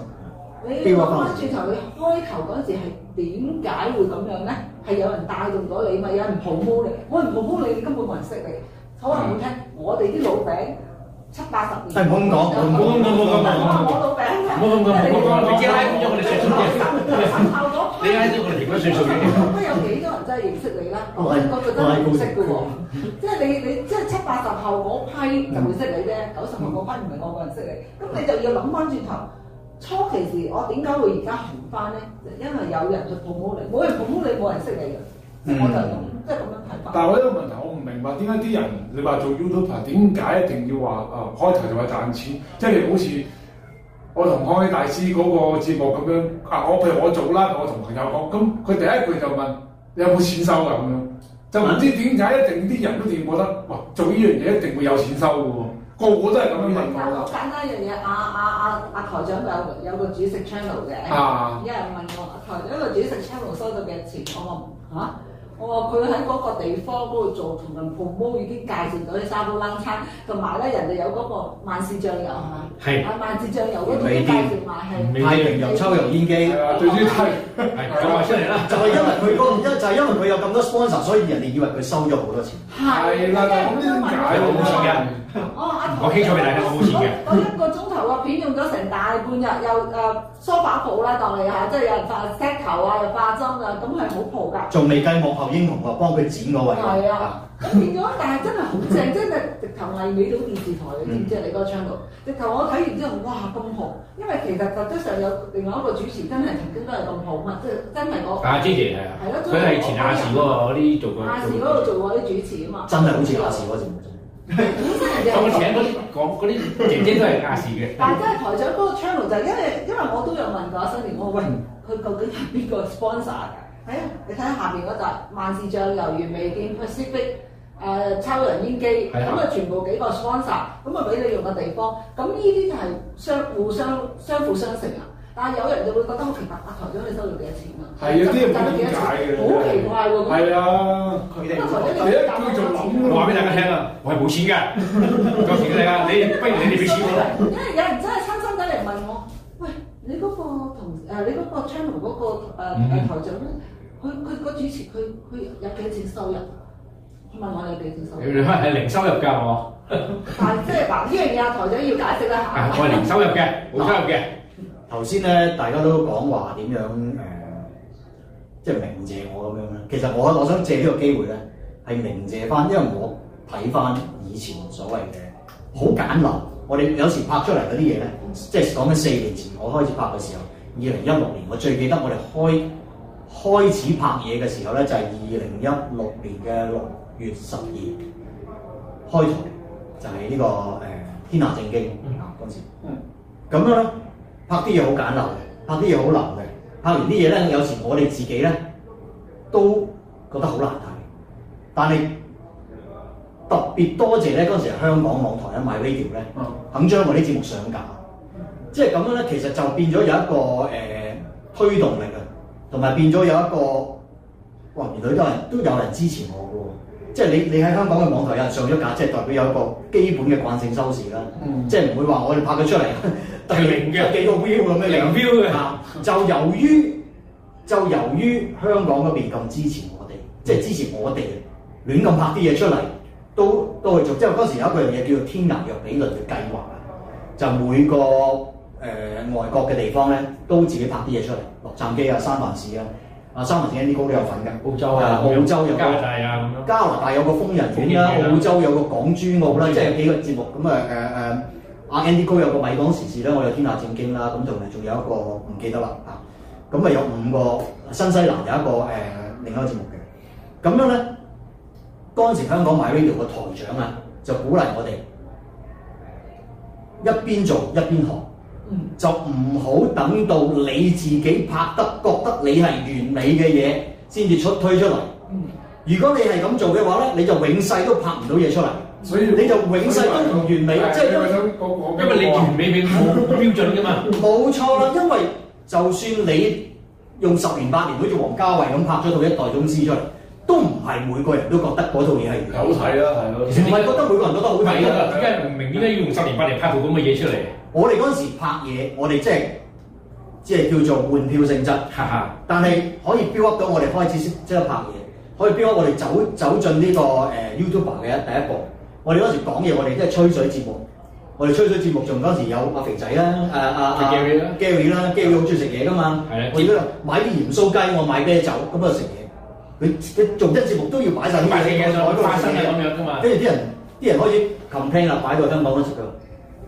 你要諗翻轉頭，你開頭嗰陣時係點解會咁樣咧？係有人帶動咗你咪有人 promo 你，我唔 promo 你，你根本冇人識你。講話唔好聽， 我哋啲老餅。七八十年，唔好咁講，唔好咁講，唔好咁講，唔好咁講，唔好咁講，唔好咁講，你拉咗我哋年級歲數嘅，後咗，你拉咗我哋年級歲數，咁有幾多人真係認識你啦？我我覺得唔識嘅喎，即係你你即係七八十後嗰批就會識你啫，九十後嗰批唔係我個人識你，咁你就要諗翻轉頭，初期時我點解會而家紅翻咧？因為有人就捧紅你，冇人捧紅你，冇人識你嘅，我就。但係我有一個問題，我唔明白點解啲人你話做 YouTuber 點解一定要話啊，開頭就係賺錢，即係你好似我同康熙大師嗰個節目咁樣啊，我譬如我做啦，我同朋友講，咁佢第一句就問有冇錢收啊咁樣，就唔知點解一定啲人都點覺得，哇做呢樣嘢一定會有錢收嘅喎，個個都係咁樣認為啦。好簡單一樣嘢，阿阿阿阿台長有有個煮食 channel 嘅，有人問我台長個煮食 channel 收到幾多錢？我話佢喺嗰個地方嗰度做，同人服務已經介紹咗啲沙煲冷餐，同埋咧人哋有嗰個萬事醬油係嘛？係阿萬事醬油嗰度介紹埋，係，太陽油抽油煙機，對啲梯，講埋出嚟啦！就係因為佢嗰唔一，就係因為佢有咁多 sponsor，所以人哋以為佢收咗好多錢。係啦，咁都唔係我冇錢嘅。我傾咗俾大家，我冇錢嘅。我一個鐘頭嘅片用咗成大半日，又誒梳化鋪啦，當你嚇，即係又髮 set 頭啊，又化妝啊，咁係好鋪㗎。仲未計幕後。英雄啊，幫佢剪嗰位，係啊，咁變咗，但係真係好正，真係直頭係美東電視台知知你知唔知你嗰個 channel，嗯、直頭我睇完之後，哇咁好，因為其實實質上有另外一個主持真，真係曾經都係咁好嘛，即係真係個，阿芝姐係啊。係咯，佢係前亞視嗰個嗰啲做過。亞視嗰度做過啲主持啊嘛。 真係好似亞視嗰陣。本身人哋，請嗰啲姐姐都係亞視嘅。但係真係台長嗰個 channel 就係因為，因為我都有問過阿新年，我喂，佢究竟係邊個 sponsor 㗎？誒，你睇下下面嗰集《萬事象》，猶如未見 Pacific，誒抽油煙機，咁啊全部幾個 sponsor，咁啊俾你用嘅地方，咁呢啲就係相互相相輔相成啊。但係有人就會覺得好奇怪，阿台長你收咗幾多錢啊？係啊，啲人解咗解嘅，好奇怪喎！係啊，佢哋，你都揀佢做落。我話俾大家聽啦，我係冇錢嘅，暫時嚟啊！你不如你哋俾錢我。因為有人真係親身仔嚟問我，喂，你嗰個同誒，你嗰個 channel 嗰個誒誒台長咧？佢佢個主持佢佢有幾錢收入？問我有幾錢收入？你你係零收入㗎我。但係即係嗱呢樣嘢啊，台長要解釋一下。我係零收入嘅，冇收入嘅。頭先咧大家都講話點樣誒，即係鳴謝我咁樣咧。其實我我想借個機呢個機會咧，係鳴謝翻，因為我睇翻以前所謂嘅好簡陋，我哋有時拍出嚟嗰啲嘢咧，即係講緊四年前我開始拍嘅時候，二零一六年我最記得我哋開。開始拍嘢嘅時候咧，就係二零一六年嘅六月十二，開頭就係、是、呢、這個誒、呃《天下正經》啊嗰陣時，咁、嗯、樣拍啲嘢好簡陋嘅，拍啲嘢好流嘅，拍完啲嘢咧，有時我哋自己咧都覺得好難睇，但係特別多謝咧嗰陣時香港網台咧 MyRadio 咧，嗯、肯將我啲節目上架，即係咁樣咧，其實就變咗有一個誒、呃、推動力啊！同埋變咗有一個，哇！原來都係都有人支持我嘅，即係你你喺香港嘅網台有人上咗架，即係代表有一個基本嘅慣性收視啦，嗯、即係唔會話我哋拍佢出嚟，第零嘅有幾個 view 咁樣，兩 v 嘅嚇。就由於就由於香港嗰邊咁支持我哋，即係支持我哋亂咁拍啲嘢出嚟，都都去做。即係嗰時有一樣嘢叫做天涯若比鄰嘅計劃，就每個。誒、呃、外國嘅地方咧，都自己拍啲嘢出嚟，洛杉磯啊、三藩市啊，啊三藩市 Andy 哥都有份㗎，澳洲啊、嗯、澳洲有加拿大啊咁樣，加拿大有個瘋人院啦，澳洲有個港珠澳啦，即係幾個節目咁，嗯嗯、啊誒誒，阿 Andy 哥有個米港時事啦，我有天下正經啦，咁就仲有一個唔記得啦嚇，咁啊、嗯、有五個新西蘭有一個誒、呃、另一個節目嘅，咁樣咧，嗰陣時香港 MyRadio 嘅台長上啊，就鼓勵我哋一邊做，一邊，做一邊學。嗯、就唔好等到你自己拍得覺得你係完美嘅嘢，先至出推出嚟。如果你係咁做嘅話咧，你就永世都拍唔到嘢出嚟。所以，所以你就永世都唔完美，即係因為你完美俾唔到標準㗎嘛。冇、嗯、錯啦，因為就算你用十年八年好似王家衞咁拍咗套一代宗師出嚟，都唔係每個人都覺得嗰套嘢係好睇啦，係咯。唔係其實應該覺得每個人都覺得好睇啦。點解唔明，點解要用十年八年拍套咁嘅嘢出嚟？我哋嗰陣時拍嘢，我哋即係即係叫做換票性質，哈哈，但係可以 build up 到我哋開始即即刻拍嘢，可以 build up 我哋走走進呢、這個誒、呃、YouTuber 嘅第一步。我哋嗰陣時講嘢，我哋都係吹水節目。我哋吹水節目仲嗰陣時有阿肥仔啦，阿阿阿 Gary 啦，Gary 好鍾意食嘢㗎嘛。係啊的，我而家買啲鹽酥雞，我買啤酒，咁啊食嘢。佢佢做一節目都要擺晒啲嘢喺度，發生係咁樣㗎嘛。跟住啲人啲人，人，人開始 complain 啦，擺在聽網嗰度食㗎。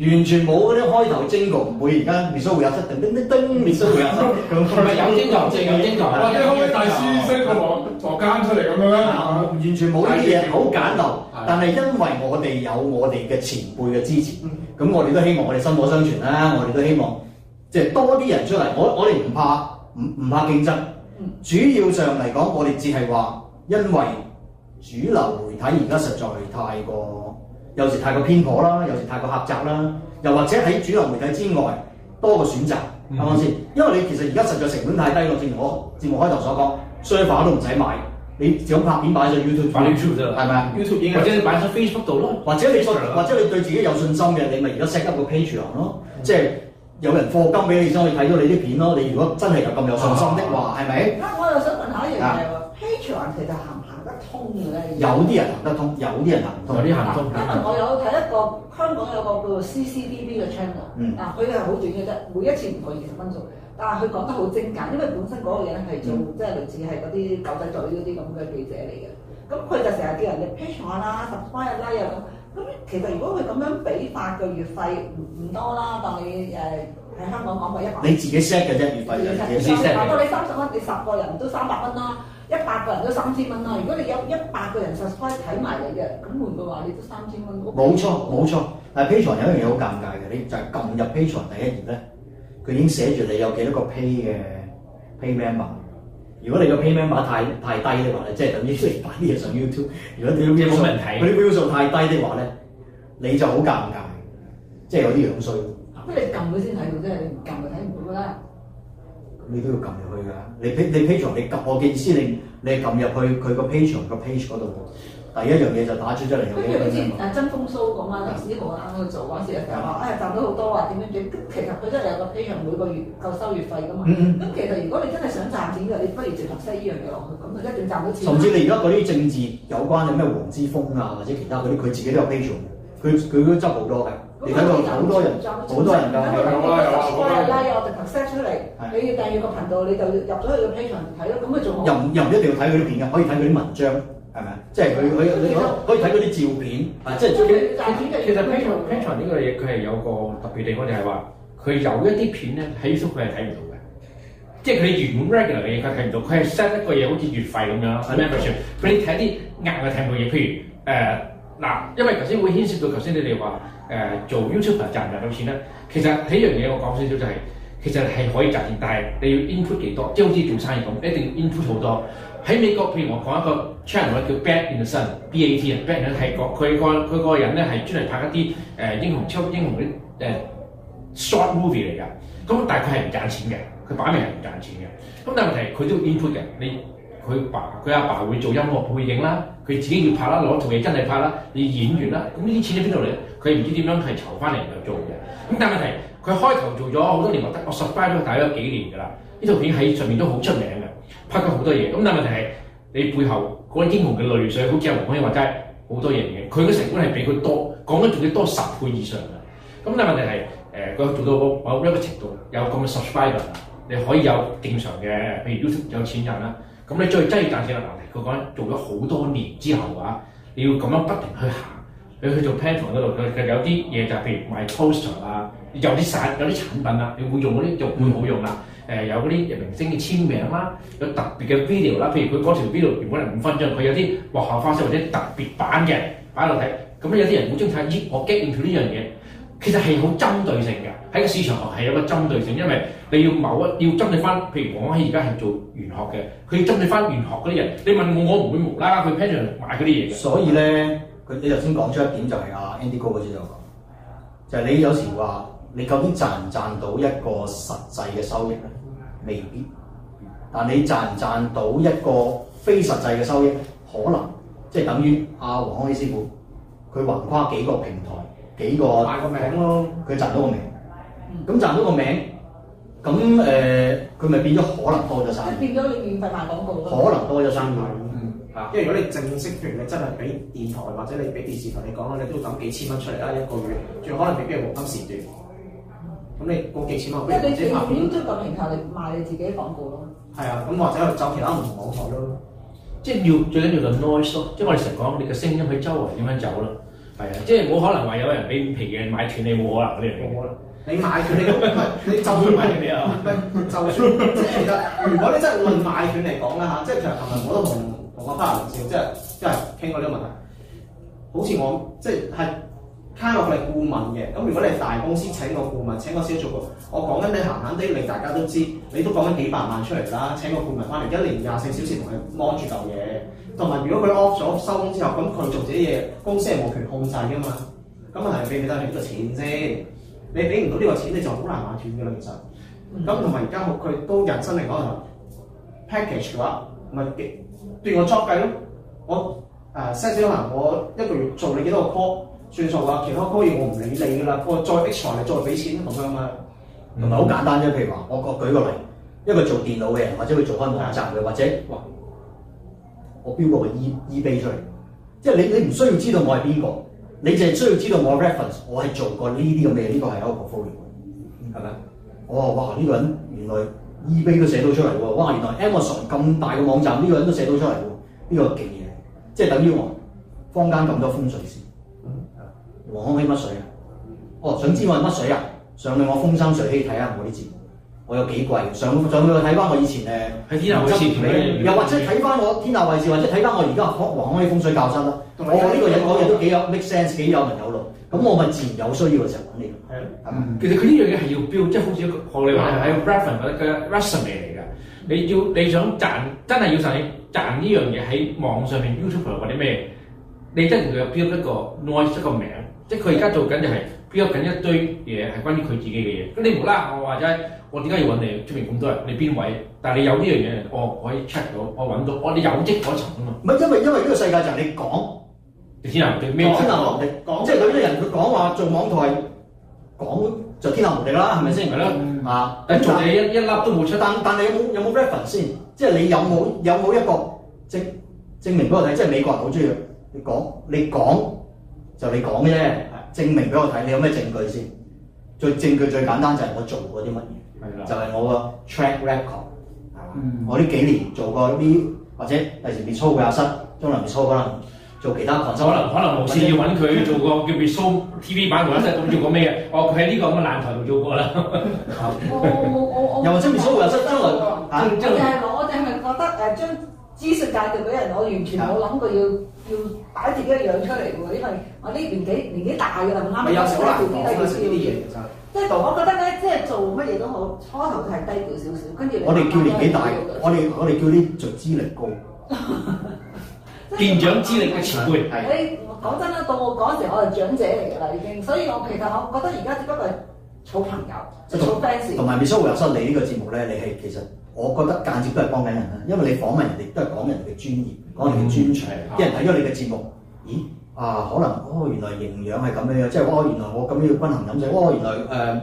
完全冇嗰啲開頭精局唔會而家滅索會有七定，叮叮叮滅索會有七，唔係有精確，正有精確，或者大書聲個講，落間出嚟咁樣咧，完全冇呢啲嘢，好簡陋。但係因為我哋有我哋嘅前輩嘅支持，咁我哋都希望我哋薪火相傳啦。我哋都希望即係多啲人出嚟，我我哋唔怕唔唔怕競爭，主要上嚟講，我哋只係話因為主流媒體而家實在太過。有時太過偏頗啦，有時太過狹窄啦，又或者喺主流媒體之外多個選擇啱唔啱先？嗯、哼因為你其實而家實在成本太低咯，正如我節目開頭所講梳化都唔使買，你想拍片擺喺 YouTube，YouTube 啫，係咪、啊啊？YouTube 應或者你擺喺 Facebook 度咯，或者你或者你對自己有信心嘅，你咪而家 set up 個 Patreon 咯，嗯、即係有人課金俾你，而家可以睇到你啲片咯。你如果真係有咁有信心的話，係咪、嗯？啊！我又想問下一樣嘢喎，Patreon 其實行？啊啊有啲人行得通，有啲人行唔通。因為我有睇一個香港有個叫做 CCDB 嘅 channel，嗱佢係好短嘅啫，每一次唔過二十分鐘，但係佢講得好精簡，因為本身嗰個人係做即係類似係嗰啲狗仔隊嗰啲咁嘅記者嚟嘅。咁佢就成日叫人哋 patron 啊，subscribe 啊，咁，咁其實如果佢咁樣俾返個月費唔多啦，但係誒喺香港講咪一百，你自己 set 嘅啫，月費由你 set。你三十蚊，你十個人都三百蚊啦。一百個人都三千蚊啦，如果你有一百個人實翻睇埋你嘅，咁換句話，你都三千蚊。OK? 冇錯，冇錯。但係 Patreon 有一樣嘢好尷尬嘅，你就係撳入 Patreon 第一頁咧，佢已經寫住你有幾多個 Pay 嘅 Pay member。如果你個 Pay member 太太低嘅話咧，即係等於雖然擺啲嘢上 YouTube，如果你冇人睇，嗰啲標數太低的話咧，你就好尷尬，即係有啲樣衰。不如你撳佢先睇到即啫，你唔撳就睇唔到啦。你都要撳入去㗎，你批你批場你撳，我嘅意思你你撳入去佢個批場個 page 嗰度，第一樣嘢就打出出嚟有幾多筆啫係真風 show 嘅嘛，的時有啲去做嘅話，成日成日話，的哎賺到好多啊，點點點。其實佢真係有個批場每個月夠收月費嘅嘛。咁、嗯、其實如果你真係想賺錢嘅，你不如直落西依樣嘢落去，咁一定賺到錢。甚至你而家嗰啲政治有關嘅咩黃之峰啊，或者其他嗰啲，佢自己都有批場嘅，佢佢都真好多嘅。你睇到好多人爭，好多人爭，係咁啦。拉又拉，又直頭 set 出嚟。你要訂閱個頻道，你就入咗佢嘅 page 度睇咯。咁佢仲又入唔一定要睇佢啲片嘅，可以睇佢啲文章，係咪？即係佢佢你可以睇佢啲照片。啊，即係最緊。但係其實 page page 呢個嘢，佢係有個特別地方，就係話佢有一啲片咧喺 YouTube 係睇唔到嘅，即係佢原本 regular 嘅嘢佢睇唔到。佢係 set 一個嘢，好似月費咁樣。係咩回事？俾你睇啲硬嘅睇唔到嘢，譬如誒嗱，因為頭先會牽涉到頭先你哋話。誒、呃、做 YouTube 嚟賺唔賺到錢咧？其實睇樣嘢，我講少少就係、是，其實係可以賺錢，但係你要 input 幾多？即係好似做生意咁，一定 input 好多。喺美國譬如我講一個 channel 咧叫 Bad in the Sun BAT 啊 b a d e r s 佢個佢個人咧係專嚟拍一啲誒、呃、英雄超英雄啲誒、呃、short movie 嚟㗎。咁但係佢係唔賺錢嘅，佢擺明係唔賺錢嘅。咁但係問題係佢都要 input 嘅，你佢爸佢阿爸會做音樂背景啦。佢自己要拍啦，攞套戲真係拍啦，你演員啦，咁呢啲錢喺邊度嚟？佢唔知點樣係籌翻嚟嚟做嘅。咁但係問題，佢開頭做咗好多年，我得 survive 咗大概幾年㗎啦。呢套片喺上面都好出名嘅，拍過好多嘢。咁但係問題係，你背後嗰、那個英雄嘅淚水，好似阿黃光英話齋，好、那個、多嘢嘅。佢嘅成本係比佢多，講得仲要多十倍以上嘅。咁但係問題係，誒、呃，佢做到某一個程度，有咁嘅 survival，你可以有正常嘅，譬如 YouTube 有錢人啦。咁你再擠賺錢落嚟，佢講做咗好多年之後啊，你要咁樣不停去行，你去做 panel 嗰度，佢有啲嘢就譬如賣 poster 啊，有啲產有啲產品啊，你會用嗰啲用會好用啦，有嗰啲明星嘅簽名啦，有特別嘅 video 啦，譬如佢嗰條 video 原本係五分鐘，佢有啲特效花式或者特別版嘅擺喺度睇，咁有啲人會中意睇，咦我 get 唔到呢樣嘢，其實係好針對性嘅。喺個市場度係有個針對性，因為你要某一要針對翻，譬如黃康熙而家係做玄學嘅，佢要針對翻玄學嗰啲人。你問我，我唔會無啦啦去批 a t 買嗰啲嘢。所以咧，佢你頭先講出一點就係、是、阿 Andy 哥嗰時就講，就係、是、你有時話你究竟賺唔賺，賺到一個實際嘅收益咧？未必。但你賺唔賺到一個非實際嘅收益，可能即係、就是、等於阿黃康熙師傅佢橫跨幾個平台幾個買個名咯，佢賺到個名。咁、嗯、賺到個名，咁誒佢咪變咗可能多咗三倍？變咗你免費賣廣告咯？可能多咗三倍咯。嗯，因為如果你正式權，你真係俾電台或者你俾電視台，你講你都等幾千蚊出嚟啦一個月，仲可能未必係黃金時段。咁、嗯、你嗰幾千蚊，即係你，你自己憑面即係憑頭嚟賣你自己廣告咯。係啊，咁或者就其他唔同網台咯，即係要最緊要就 noise 咯，即係我哋成日講你嘅聲音喺周圍點樣走咯。係啊，即係冇可能話有人俾五皮嘢買斷你，冇可能嗰啲嚟可能。買你買你買你買你買你買斷你唔係，你就算埋啲咩啊？唔 就算即係其實、就是，如果你真係論買斷嚟講啦，嚇，即係其實琴日我都同同阿巴仁聊，即係即係傾過呢個問題。好似我即係、就是、卡落我係顧問嘅。咁如果你係大公司請個顧問，請個小組我講緊你閒閒地，你大家都知，你都講緊幾百萬出嚟啦。請個顧問翻嚟一年廿四小時同佢摸住嚿嘢，同埋如果佢 off 咗收工之後，咁佢做自己嘢公司係冇權控制噶嘛？咁問題你咪得喺度錢先。你俾唔到呢個錢，你就好難買斷嘅啦。其實，咁同埋而家佢都人生嚟講，package 嘅話，唔係結對個 job 計咯。我啊 s a l e 我一個月做你幾多少個 call，算數話，其他 call 嘢我唔理你嘅啦。我再 extra 你，再俾錢咁樣啊，同埋好、mm hmm. 簡單啫。譬如話，我我舉個例，一個做電腦嘅，或者去做開網站嘅，或者，或者我標個 eBay 出嚟，即係你你唔需要知道我係邊個。你淨係需要知道我 reference，我係做過呢啲咁嘅嘢，呢個係一個 portfolio，係咪啊？哦，哇！呢、這個人原來 eBay 都寫到出嚟喎，哇！原來 Amazon 咁大嘅網站，呢、這個人都寫到出嚟喎，呢、這個勁嘢，即係等於我坊間咁多風水師，黃康熙乜水啊？哦，想知道我係乜水啊？上嚟我風生水起睇下我節目。我有幾貴，想想去睇翻我以前誒，喺天下衞視，又或者睇翻我天下衞視，或者睇翻我而家可可可以風水教室啦。嗯、我呢個人我嘢都幾有 make sense，幾有紋有路。咁我咪自然有需要嘅時候揾你。係啊的，嗯、其實佢呢樣嘢係要標，即係好似學你話係 reference 或者 resume 嚟㗎。你要你想賺，真係要上，你賺呢樣嘢喺網上面 YouTube 或者咩，你真係要標一個 noise，一個名，即係佢而家做緊就係。的佢緊一堆嘢係關於佢自己嘅嘢，咁你無啦，我話齋我點解要揾你？出面咁多人，你邊位？但係你有呢樣嘢，我可以 check 到，我揾到，我哋有跡可尋啊嘛。唔係因為因為呢個世界就係你講，天下無敵，天下無敵講，即係有啲人佢講話做網台講就天下無敵啦，係咪先？係咯，嗯，啊，做同一是一粒都冇出單，但係有冇有冇 reference 先？即係你有冇有冇一個證證明畀我睇？即係美國人好中意，你講你講就你講啫。證明俾我睇，你有咩證據先？最證據最簡單就係我做過啲乜嘢，就係我個 track record，係嘛？我呢幾年做過啲或者例如 research 室，中南 research 可能做其他就可能可能無線要揾佢做個叫 research TV 版，或者做過咩嘢？哦，佢喺呢個咁嘅爛台度做過啦。又或者 research 中南啊，我我我我我我我我知識介紹俾人，我完全冇諗過要、嗯、要擺自己個樣出嚟喎，因為我呢年紀年紀大嘅就唔啱。我有少少難講。少啲嘢。即係我覺得咧，即、就、係、是、做乜嘢都好，初頭係低調少少，跟住我哋叫年紀大，我哋我哋叫啲做資歷高，見 長資歷嘅前輩。你講真啦，到我嗰陣時，我係長者嚟㗎啦，已經，所以我其實我覺得而家只不過係草朋友，草 fans 同埋《微笑會有失禮》呢個節目咧，你係其實。我覺得間接都係幫緊人啦，因為你訪問人哋都係講人哋嘅專業，講人哋嘅專長，啲人睇咗你嘅節目，咦啊，可能哦原來營養係咁樣，即係哦，原來我咁樣要均衡飲食，哦，原來誒，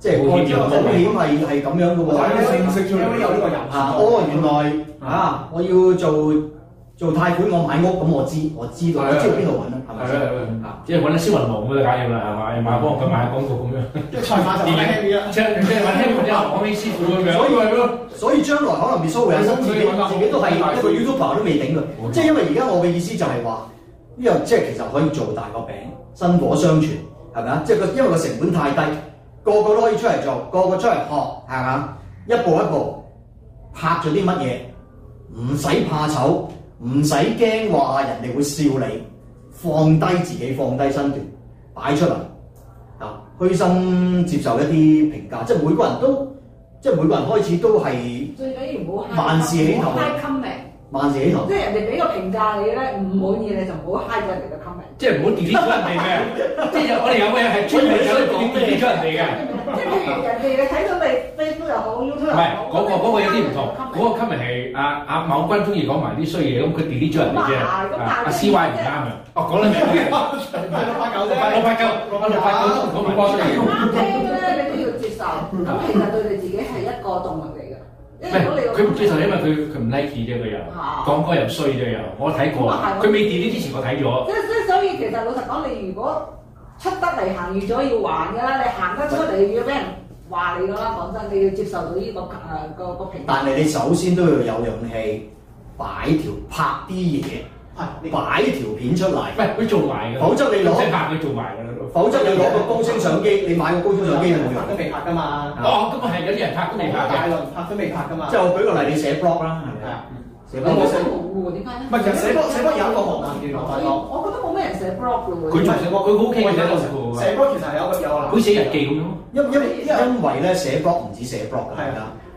即係好健康要好健康係係咁樣嘅喎，啊，原來啊，我要做。做貸款我買屋，咁我知我知道我知道邊度揾啦，係咪？即係揾阿蕭雲龍，咁就緊要啦係嘛？買廣告，幫佢買廣告咁樣，即係賣就電聽嘅啫，即係賣聽嘅啫。我俾師傅咁樣，所以咪咯，所以將來可能變 social 人，自己自己都係一個 Youtuber 都未頂㗎。即係因為而家我嘅意思就係話，呢樣即係其實可以做大個餅，薪火相傳係咪啊？即係個因為個成本太低，個個都可以出嚟做，個個出嚟學係嘛？一步一步拍咗啲乜嘢，唔使怕醜。.唔使驚話人哋會笑你，放低自己，放低身段，擺出嚟，嗱，虛心接受一啲評價，即係每個人都，即係每個人開始都係，最緊要唔好 high，萬事起頭，唔萬事起頭，即係人哋俾個評價你咧，唔滿意你就唔好 high 咗。即係唔好 delete 咗人哋嘅，即係我哋有乜嘢係專門想講 delete 咗人哋嘅，即係譬如人哋你睇到你 Facebook 又好 YouTube 又好，唔係嗰個嗰個有啲唔同，嗰個 comment 係阿阿某君中意講埋啲衰嘢，咁佢 delete 咗人哋啫。阿 C Y 唔啱啊，哦講得明啲，六百九啫，六百九，六百六百九，我唔講出嚟。聽咧，你都要接受，咁其實對你自己係一個動力嚟。唔係佢唔接受，因為佢佢唔 like 啫，佢又講嗰又衰啫，又、啊、我睇過，佢未跌啲之前我睇咗。即即所以，所以其實老實講，你如果出得嚟行預咗要還㗎啦，你行得出嚟要俾人話你㗎啦，講真，你要接受到呢、這個誒個、啊那個評。但係你首先都要有勇氣擺條拍啲嘢。擺條片出嚟，唔佢做埋嘅，否則你攞，即拍佢做埋嘅。否則你攞個高清相機，你買個高清相機冇用都未拍噶嘛。哦，咁啊係有啲人拍都未拍，拍都未拍噶嘛。即係我舉個例，你寫 blog 啦，係咪啊？寫 blog 點解咧？唔係其實寫 blog 寫 blog 有一個學問嘅。我覺得冇咩人寫 blog 嘅喎。佢寫 blog，佢 OK 嘅，寫 blog 其實有個有個難度嘅。好似日記咁咯。因因為因為咧寫 blog 唔止寫 blog 㗎，係，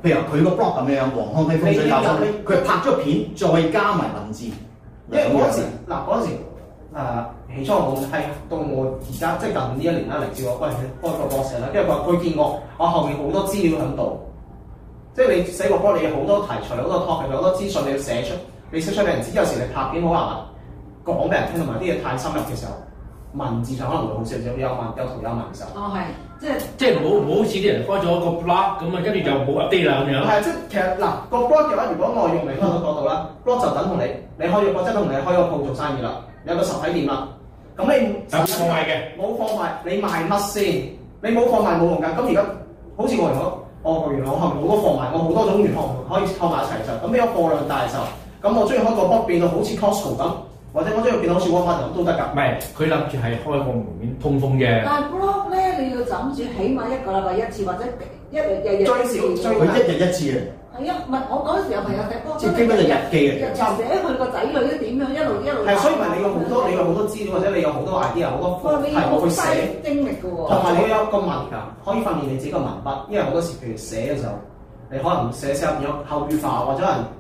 譬如佢個 blog 咁樣樣，黃康熙風水教宗，佢拍咗片，再加埋文字。因為嗰陣時，嗱嗰時，啊，起初我冇睇到我而家，即係近呢一年啦嚟接我，喂開個博士啦。跟住佢話見我後面好多資料喺度。即係你寫個 blog，你好多題材、好多 topic、好多資訊，你要寫出，你寫出俾人知。有時你拍片好難，講俾人聽同埋啲嘢太深入嘅時候。文字上可能會好少少，有幽默有圖有文嘅時候。哦，係，即係是即係唔好唔好好似啲人開咗一個 blog 咁啊，跟住就冇 update 啦咁樣。係，即係其實嗱個 blog 嘅話，如果我用嚟講嘅角度啦、嗯、blog 就等同你你，我你開個即係同你開個鋪做生意啦，你有個實體店啦，咁你冇的貨賣嘅，冇貨賣，你賣乜先？你冇貨賣冇用㗎。咁而家好似我原來，我、哦、原來我後面好多貨賣，我好多種原項可以攪埋一齊就，咁你有貨量大就，咁我中意開個 blog 變到好似 Costco 咁。或者我都有見到好似窩花咁都得㗎，唔係佢諗住係開放門面通風嘅。但係 blog 咧，你要枕住起碼一個禮拜一次，或者一日一日，日。最少佢一日一次啊。係啊，唔係我嗰陣時有朋友寫 blog、就是。即基本就日記啊。日日寫佢個仔女都點樣，一路一路，一路。係，所以咪你有好多，你有好多資料，或者你有好多 idea，好多，係我去寫。精密㗎喎。同埋你有，哦、你有個文㗎，可以訓練你自己個文筆，因為好多時譬如寫嘅時候，你可能寫寫入去口語化或者人。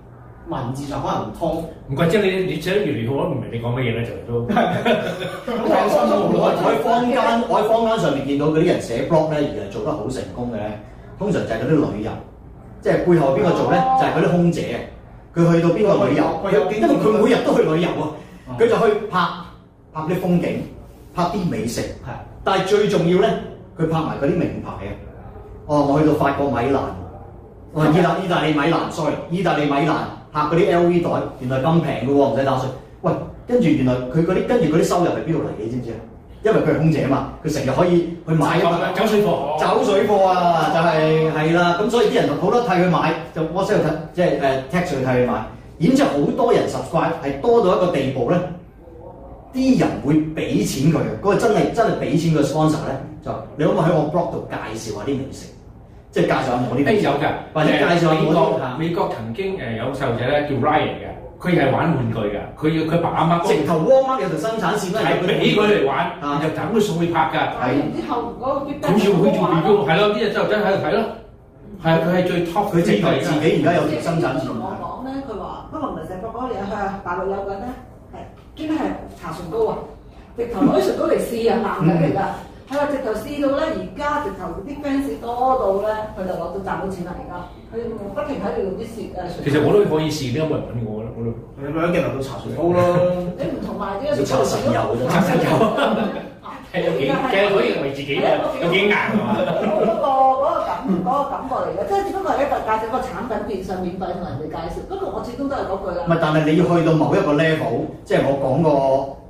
文字就可能唔通，唔怪之你，你寫得越嚟越好，我唔明你講乜嘢咧，就都。放心，我喺坊間，我喺坊間上面見到嗰啲人寫 blog 咧，而係做得好成功嘅咧，通常就係嗰啲旅遊，即係背後邊個做咧？就係嗰啲空姐。佢去到邊個旅遊？因為佢每日都去旅遊啊，佢就去拍拍啲風景，拍啲美食。係。但係最重要咧，佢拍埋嗰啲名牌啊！哦，我去到法國米蘭，哦，意大意大利米蘭，sorry，意大利米蘭。拍嗰啲 LV 袋，原來咁平嘅喎，唔使打稅。喂，跟住原來佢嗰啲，跟住啲收入係邊度嚟嘅？知唔知啊？因為佢係空姐啊嘛，佢成日可以去買走水貨，走水貨啊，就係係啦。咁、嗯、所以啲人就好多替佢買，就 WhatsApp 即係誒 Text 佢替佢買。然之後好多人實在係多到一個地步咧，啲人會俾錢佢嘅。嗰、那個真係真係俾錢佢 sponsor 咧，就你可唔可以喺我 blog 度介紹下啲美食。即係介紹我呢？誒有㗎，或者美國美國曾經誒有細路仔咧叫 Ryan 嘅，佢係玩玩具㗎，佢要佢爸阿媽直頭窩媽有條生產線，係俾佢嚟玩，又等佢送佢拍㗎。係之後嗰啲，好似好似變咗，係咯呢人細路喺度睇咯，係佢係最 t 託佢直頭自己而家有條生產線。即我講咧，佢話：，不過唔係成個講嘢去大陸有緊咧，係專係搽唇膏啊，直頭攞啲唇膏嚟試啊，男仔嚟㗎。係啊！直頭試到咧，而家直頭啲 fans 多到咧，佢就攞到賺到錢啦！而家佢不停喺度做啲事，誒。其實我都可以試，點解冇人搵我㗎？我我兩件留到擦唇膏咯。你唔同埋啲擦唇油，擦唇油係自己，可以認為自己嘅，幾硬。不過嗰個感，嗰個感覺嚟嘅，即係只不過係一個介紹個產品，變相免費同人哋介紹。不過我始終都係嗰句啦。唔係，但係你要去到某一個 level，即係我講個。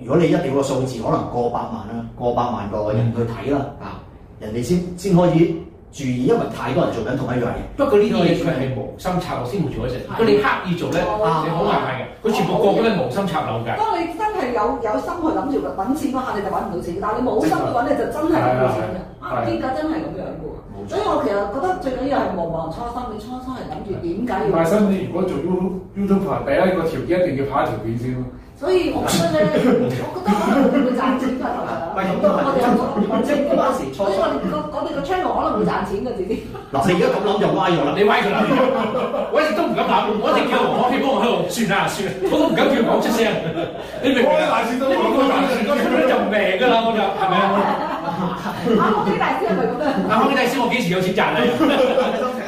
如果你一定個數字可能過百萬啦，過百萬個人去睇啦，啊，人哋先先可以注意，因為太多人做緊同一樣嘢。不過呢啲佢係無心插柳先會做咗成，佢你刻意做咧，你好難嘅。佢全部過咗咧無心插柳㗎。當你真係有有心去諗住揾錢嗰下，你就揾唔到錢，但係你冇心去揾你就真係揾到錢嘅。啊，點解真係咁樣㗎？所以我其實覺得最緊要係無忘初心，你初心係諗住點解？要？係，新嘅如果做 YouTuber 第一個條件一定要拍一條片先。所以我覺得咧，我覺得可能會,會賺錢㗎，係咪啊？唔係咁多係，即係嗰時，所以我我我哋個 channel 可能會賺錢㗎，自己。嗱，你而家咁諗就歪用啦！你歪佢用，我一直都唔敢喊，我一直叫王可軒幫我喺度算啊算，我, 我都唔敢叫佢講出聲。你唔係唔開大錢都？你開大錢都係唔明命㗎啦，我就係咪啊？開大錢係咪咁啊？等我睇下先，我幾、 啊、時有錢賺啊？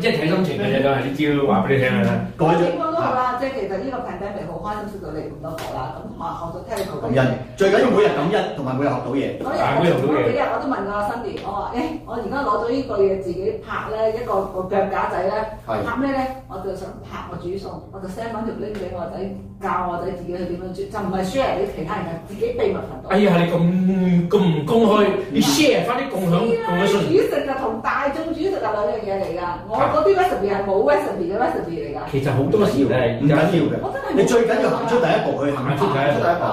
即係睇心情嘅啫，都係啲招話俾你聽啦。咁啊，點講都係啦，即係其實呢個平平地好開心出到你咁多夥啦。咁啊，我就聽佢講感恩，最緊要每日感恩，同埋每日學到嘢。所以我做咗幾日，我都問過阿 Cindy，我話誒，我而家攞咗呢句嘢自己拍咧，一個個腳架仔咧，拍咩咧？我就想拍我煮餸，我就 send 唔條 link 俾我仔，教我仔自己去點樣煮，就唔係 share 俾其他人，嘅，自己秘密頻道。哎呀，係你咁咁唔公開，你 share 開翻啲共享共餸。煮餸就同大眾煮餸係兩樣嘢嚟㗎。我嗰啲 recipe 係冇 recipe 嘅 recipe 嚟㗎。其實好多唔緊要嘅。你最緊要行出第一步，去行出第一步。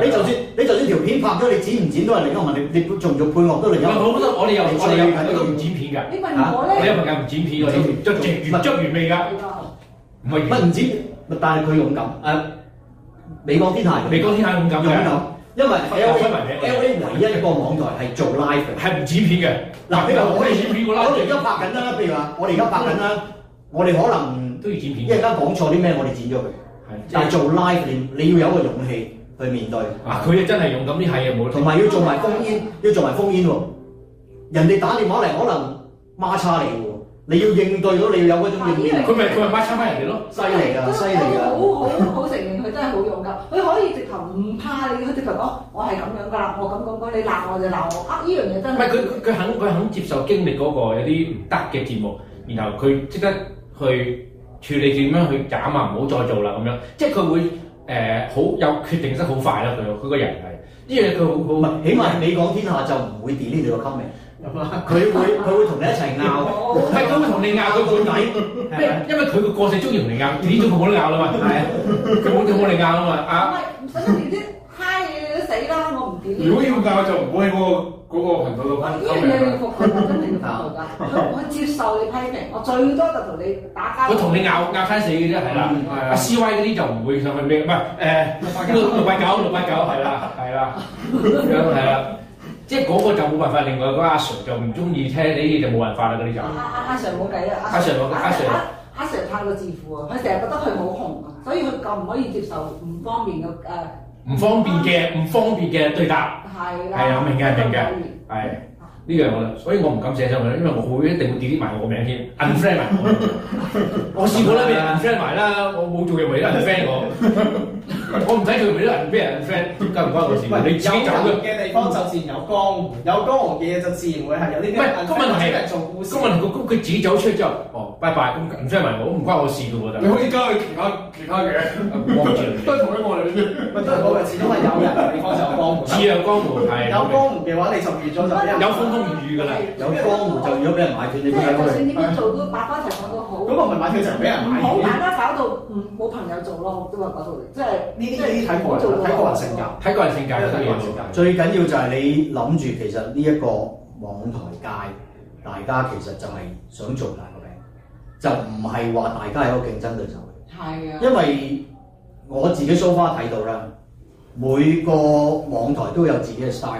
你就算你就算條片拍咗，你剪唔剪都係另一問題。你你仲做配樂都嚟？另一。我覺得我哋又我哋又都唔剪片㗎。你問唔我咧？你又唔介唔剪片㗎？將完整將完美㗎。唔係唔剪，但係佢勇敢。誒，美國天台，美國天台勇敢因為 L A 唯一一個網台係做 live，係唔剪片嘅。嗱、啊，譬如我哋剪片過我，我、嗯、我哋而家拍緊啦。譬如話，我哋而家拍緊啦，我哋可能都要剪片。因為而家講錯啲咩，我哋剪咗佢。係的，但係做 live，你，你要有一個勇氣去面對。嗱，佢真係勇敢啲，係啊，冇錯。同埋要做埋烽煙，要做埋烽煙喎。人哋打電話嚟，可能孖叉嚟喎。你要應對到，你要有嗰種應變。佢咪佢咪買參翻人哋咯，犀利啊，犀利、就是、啊！好好好，承認佢真係好勇㗎，佢 可以直頭唔怕你，佢直頭講：我係咁樣㗎啦，我咁講講，你鬧我，我就鬧我，呃呢樣嘢真係。唔係佢佢肯佢肯接受經歷嗰個有啲唔得嘅節目，然後佢即刻去處理點樣去減啊，唔好再做啦咁樣。即係佢會誒、呃、好有決定得好快啦，佢佢個人係呢樣佢好唔係，起碼你講天下就唔會跌呢兩個級嘅。佢會佢會同你一齊拗，唔係佢會同你拗到個底，因為佢個個性中意同你拗，呢種佢冇得拗啦嘛，係啊，佢冇得冇你拗啊嘛，啊！唔使咁認真，嗨死啦，我唔點。如果要拗就唔好喺嗰個嗰個頻道度噴，啱唔啱啊？依樣嘢我講真係冇錯㗎，佢唔會接受你批評，我最多就同你打交。我同你拗，拗親死嘅啫，係啦，CY 嗰啲就唔會上去咩？唔係，誒、六八九六八九六八九，係啦係啦，係啦。即係嗰個就冇辦法，另外嗰阿 Sir 就唔中意聽，呢啲就冇辦法啦，嗰啲就。阿 Sir 冇計啊！阿 Sir，阿 Sir 阿 Sir 太過自負啊！佢成日覺得佢好紅啊，所以佢咁唔可以接受唔方便嘅誒。唔方便嘅，唔方便嘅對答。係啦。係啊，明嘅，明嘅，係呢樣我，所以我唔敢寫上去，因為我會一定會 delete 埋個我名添，unfriend 埋。我試過啦，未 unfriend 埋啦，我冇做任何嘢啦，unfriend 我。我唔使做嘅咩？唔俾人 friend，唔關我事。你自己走嘅地方就自然有江湖，有江湖嘅嘢就自然會係有呢啲。個問題係，個問題係佢佢自己走出去之後，哦，拜拜，咁唔出埋我，唔關我事嘅喎。你可以加去其他其他嘅，都係同一個嚟嘅。唔係嗰個始終係有人，你方就有江湖。自有江湖，係有江湖嘅話，你就預咗就俾人有風風雨雨㗎啦。有江湖就如果俾人買斷，你點樣做都百花齊放都好。咁我唔買斷就唔俾人買。好，大家搞到冇朋友做咯，都話搞到即係。呢啲呢啲睇個人，睇個人性格，睇個人性格最緊要。最緊要就係你諗住，其實呢一個網台界，大家其實就係想做大個名，就唔係話大家有個競爭對手。係啊，因為我自己 so far 睇到啦，每個網台都有自己嘅 style。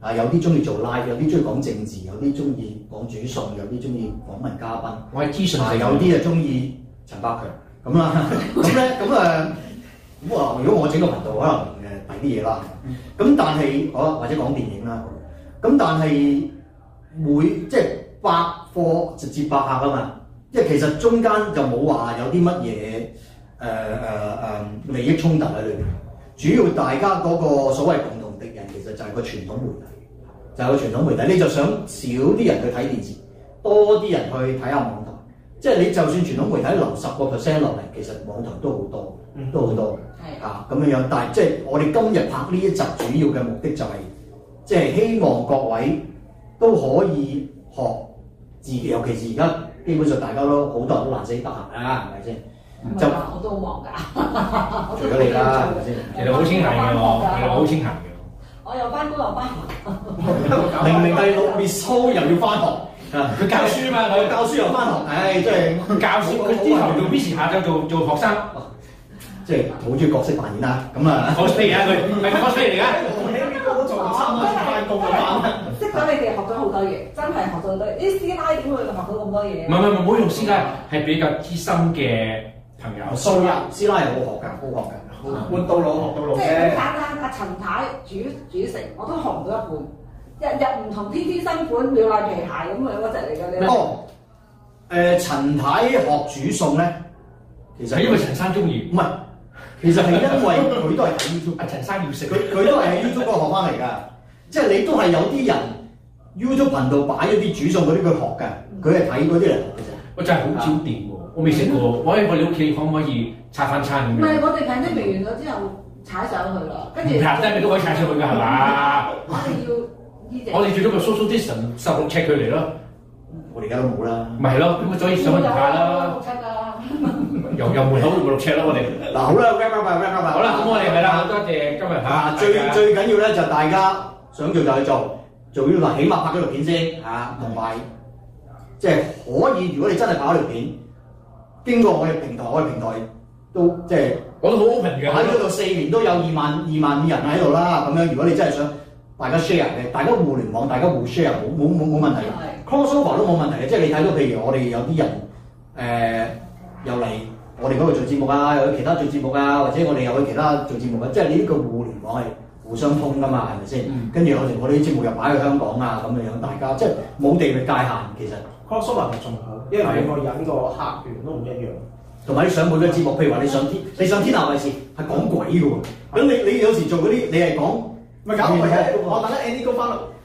啊，有啲中意做 live，有啲中意講政治，有啲中意講煮餸，有啲中意訪問嘉賓。我係資訊嚟，有啲啊中意陳百強咁啦。咁咧，咁啊～如果我整個頻道，可能誒第啲嘢啦。咁但係，好或者講電影啦。咁但係，每即係百貨直接百客啊嘛。即係其實中間就冇話有啲乜嘢誒誒誒利益衝突喺裏邊。主要大家嗰個所謂共同敵人其實就係個傳統媒體，就係個傳統媒體。你就想少啲人去睇電視，多啲人去睇下網台。即係你就算傳統媒體留十個 percent 落嚟，其實網台都好多，都好多。啊，咁樣樣，但係即係我哋今日拍呢一集主要嘅目的就係，即係希望各位都可以學自己，尤其是而家基本上大家都好多人都難死得閒啊，係咪先？就我都好忙㗎，除咗你啦，係咪先？其實好清閒嘅我，好清閒嘅。我又翻工又翻學，明明係 Miss 又要翻學，佢教書嘛，佢教書又翻學，唉，即係教書。佢朝頭做 Miss 下晝做做學生。即係好中意角色扮演啦，咁啊！我衰而家佢係我衰而家，你而家我都做差唔多翻工嘅啦。即係你哋學咗好多嘢，真係學咗好多嘢。啲師奶點會學到咁多嘢？唔係，唔係，唔好用師奶，係比較知心嘅朋友。收入師奶好學㗎，好學㗎，活到老學到老咧。簡單，阿陳太煮煮食，我都學唔到一半，日日唔同，天天新款，妙麗皮鞋咁樣嗰隻嚟㗎咧。哦，誒陳太學煮餸咧，其實係因為陳生中意，唔係。其實係因為佢都係喺 YouTube，阿陳生要食佢佢都係喺 YouTube 學返嚟噶，即係你都係有啲人 YouTube 頻道擺咗啲煮餸嗰啲佢學㗎，佢係睇嗰啲人。我真係好焦點喎，我未食過。喂，我你屋企可唔可以拆翻餐？唔係，我哋茶單食完咗之後踩上去啦。唔茶單你都可以踩上去㗎，係嘛？我哋要我哋最多咪 Social Distance 十六尺距離咯。我哋而家都冇啦。咪係咯，咁我再試下咯。又又門口仲咪六尺咯，我哋嗱 好啦 r a p r a p 啦，wrap up 好啦了，咁 我哋係啦，多謝今日嚇，最、啊、最緊要咧就大家想做就去做，做呢、呢個起碼拍咗條片先嚇，同埋即係可以，如果你真係拍咗條片，經過我哋平台，我哋平台都即係講得好好平台喺嗰度，四年都有二萬二萬五人喺度啦，咁樣如果你真係想大家 share 嘅，大家互聯網，大家互 share，冇冇冇冇問題，cross over 都冇問題嘅，即係你睇到譬如我哋有啲人誒又嚟。呃有你我哋嗰度做節目啊，又去其他做節目啊，或者我哋又去其他做節目啊，即係你呢個互聯網係互相通㗎嘛，係咪先？跟住、嗯、我哋我啲節目又擺去香港啊，咁嘅樣，大家即係冇地域界限，其實。crossover 仲有，因為每個人個客源都唔一樣。同埋你上每一個節目，譬如話你上天，你上天亞電視係講鬼㗎喎，咁、嗯、你你有時做嗰啲你係講，咪搞唔係啊？我等下 Andy 哥翻嚟。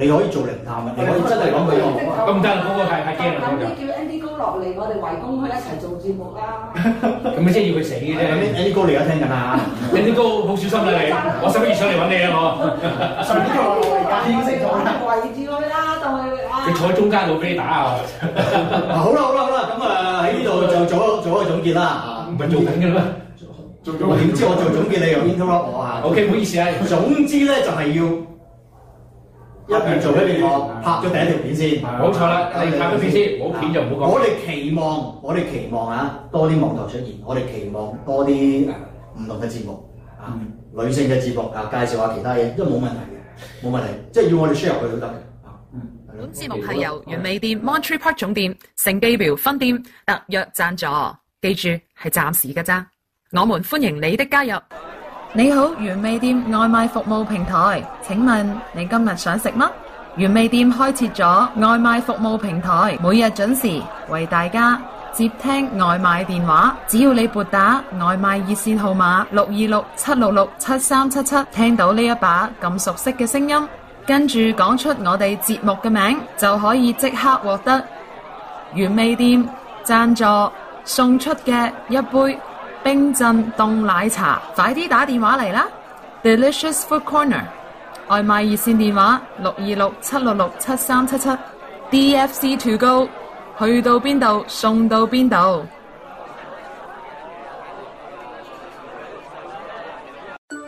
你可以做靈探啊！你可以真係講句嘢，咁唔得啦，嗰太太黑堅咁啲叫 Andy 哥落嚟，我哋圍攻佢一齊做節目啦！咁咪即係要佢死嘅啫！Andy 哥嚟緊聽緊啦，Andy 哥好小心啦，你我十一月上嚟揾你啊，我十一月上嚟嘅。你坐喺中間度俾你打啊！好啦好啦好啦，咁啊喺呢度就做做個總結啦嚇，唔係做緊嘅咩？做做總結。點知我做總結你又 interrupt 我啊？OK，唔好意思啊，總之咧就係要。一邊做一邊講，拍咗第一條片先。冇錯啦，你拍咗片先，冇片就唔好講。我哋期望，我哋期望啊，多啲網頭出現。我哋期望多啲誒唔同嘅節目啊，女性嘅節目啊，介紹下其他嘢都冇問題嘅，冇問題。即係要我哋 share 去都得嘅。嗯，本節目係由完美店 Montreal Park 總店、成記廟分店特約贊助，記住係暫時㗎咋。我們歡迎你的加入。你好，原味店外賣服務平台，請問你今日想食乜？原味店開設咗外賣服務平台，每日準時為大家接聽外賣電話。只要你撥打外賣熱線號碼六二六七六六七三七七，7 7，聽到呢一把咁熟悉嘅聲音，跟住講出我哋節目嘅名，就可以即刻獲得原味店贊助送出嘅一杯冰鎮凍奶茶，快啲打電話嚟啦！Delicious Food Corner 外賣熱線電話六二六七六六七三七七，D F C To Go，去到邊度送到邊度。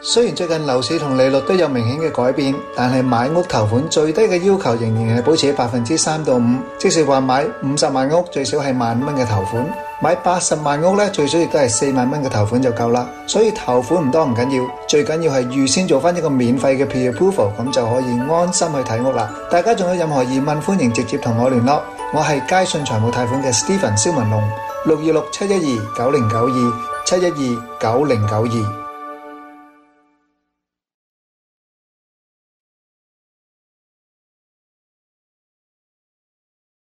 雖然最近樓市同利率都有明顯嘅改變，但係買屋頭款最低嘅要求仍然係保持喺百分之三到五，即是話買五十萬屋最少係萬蚊嘅頭款，買八十萬屋咧最少亦都係四萬蚊嘅頭款就夠啦。所以頭款唔多唔緊要，最緊要係預先做翻一個免費嘅 pre approval，咁就可以安心去睇屋啦。大家仲有任何疑問，歡迎直接同我聯絡。我係佳信財務貸款嘅 Stephen 蕭文龍，六二六七一二九零九二七一二九零九二。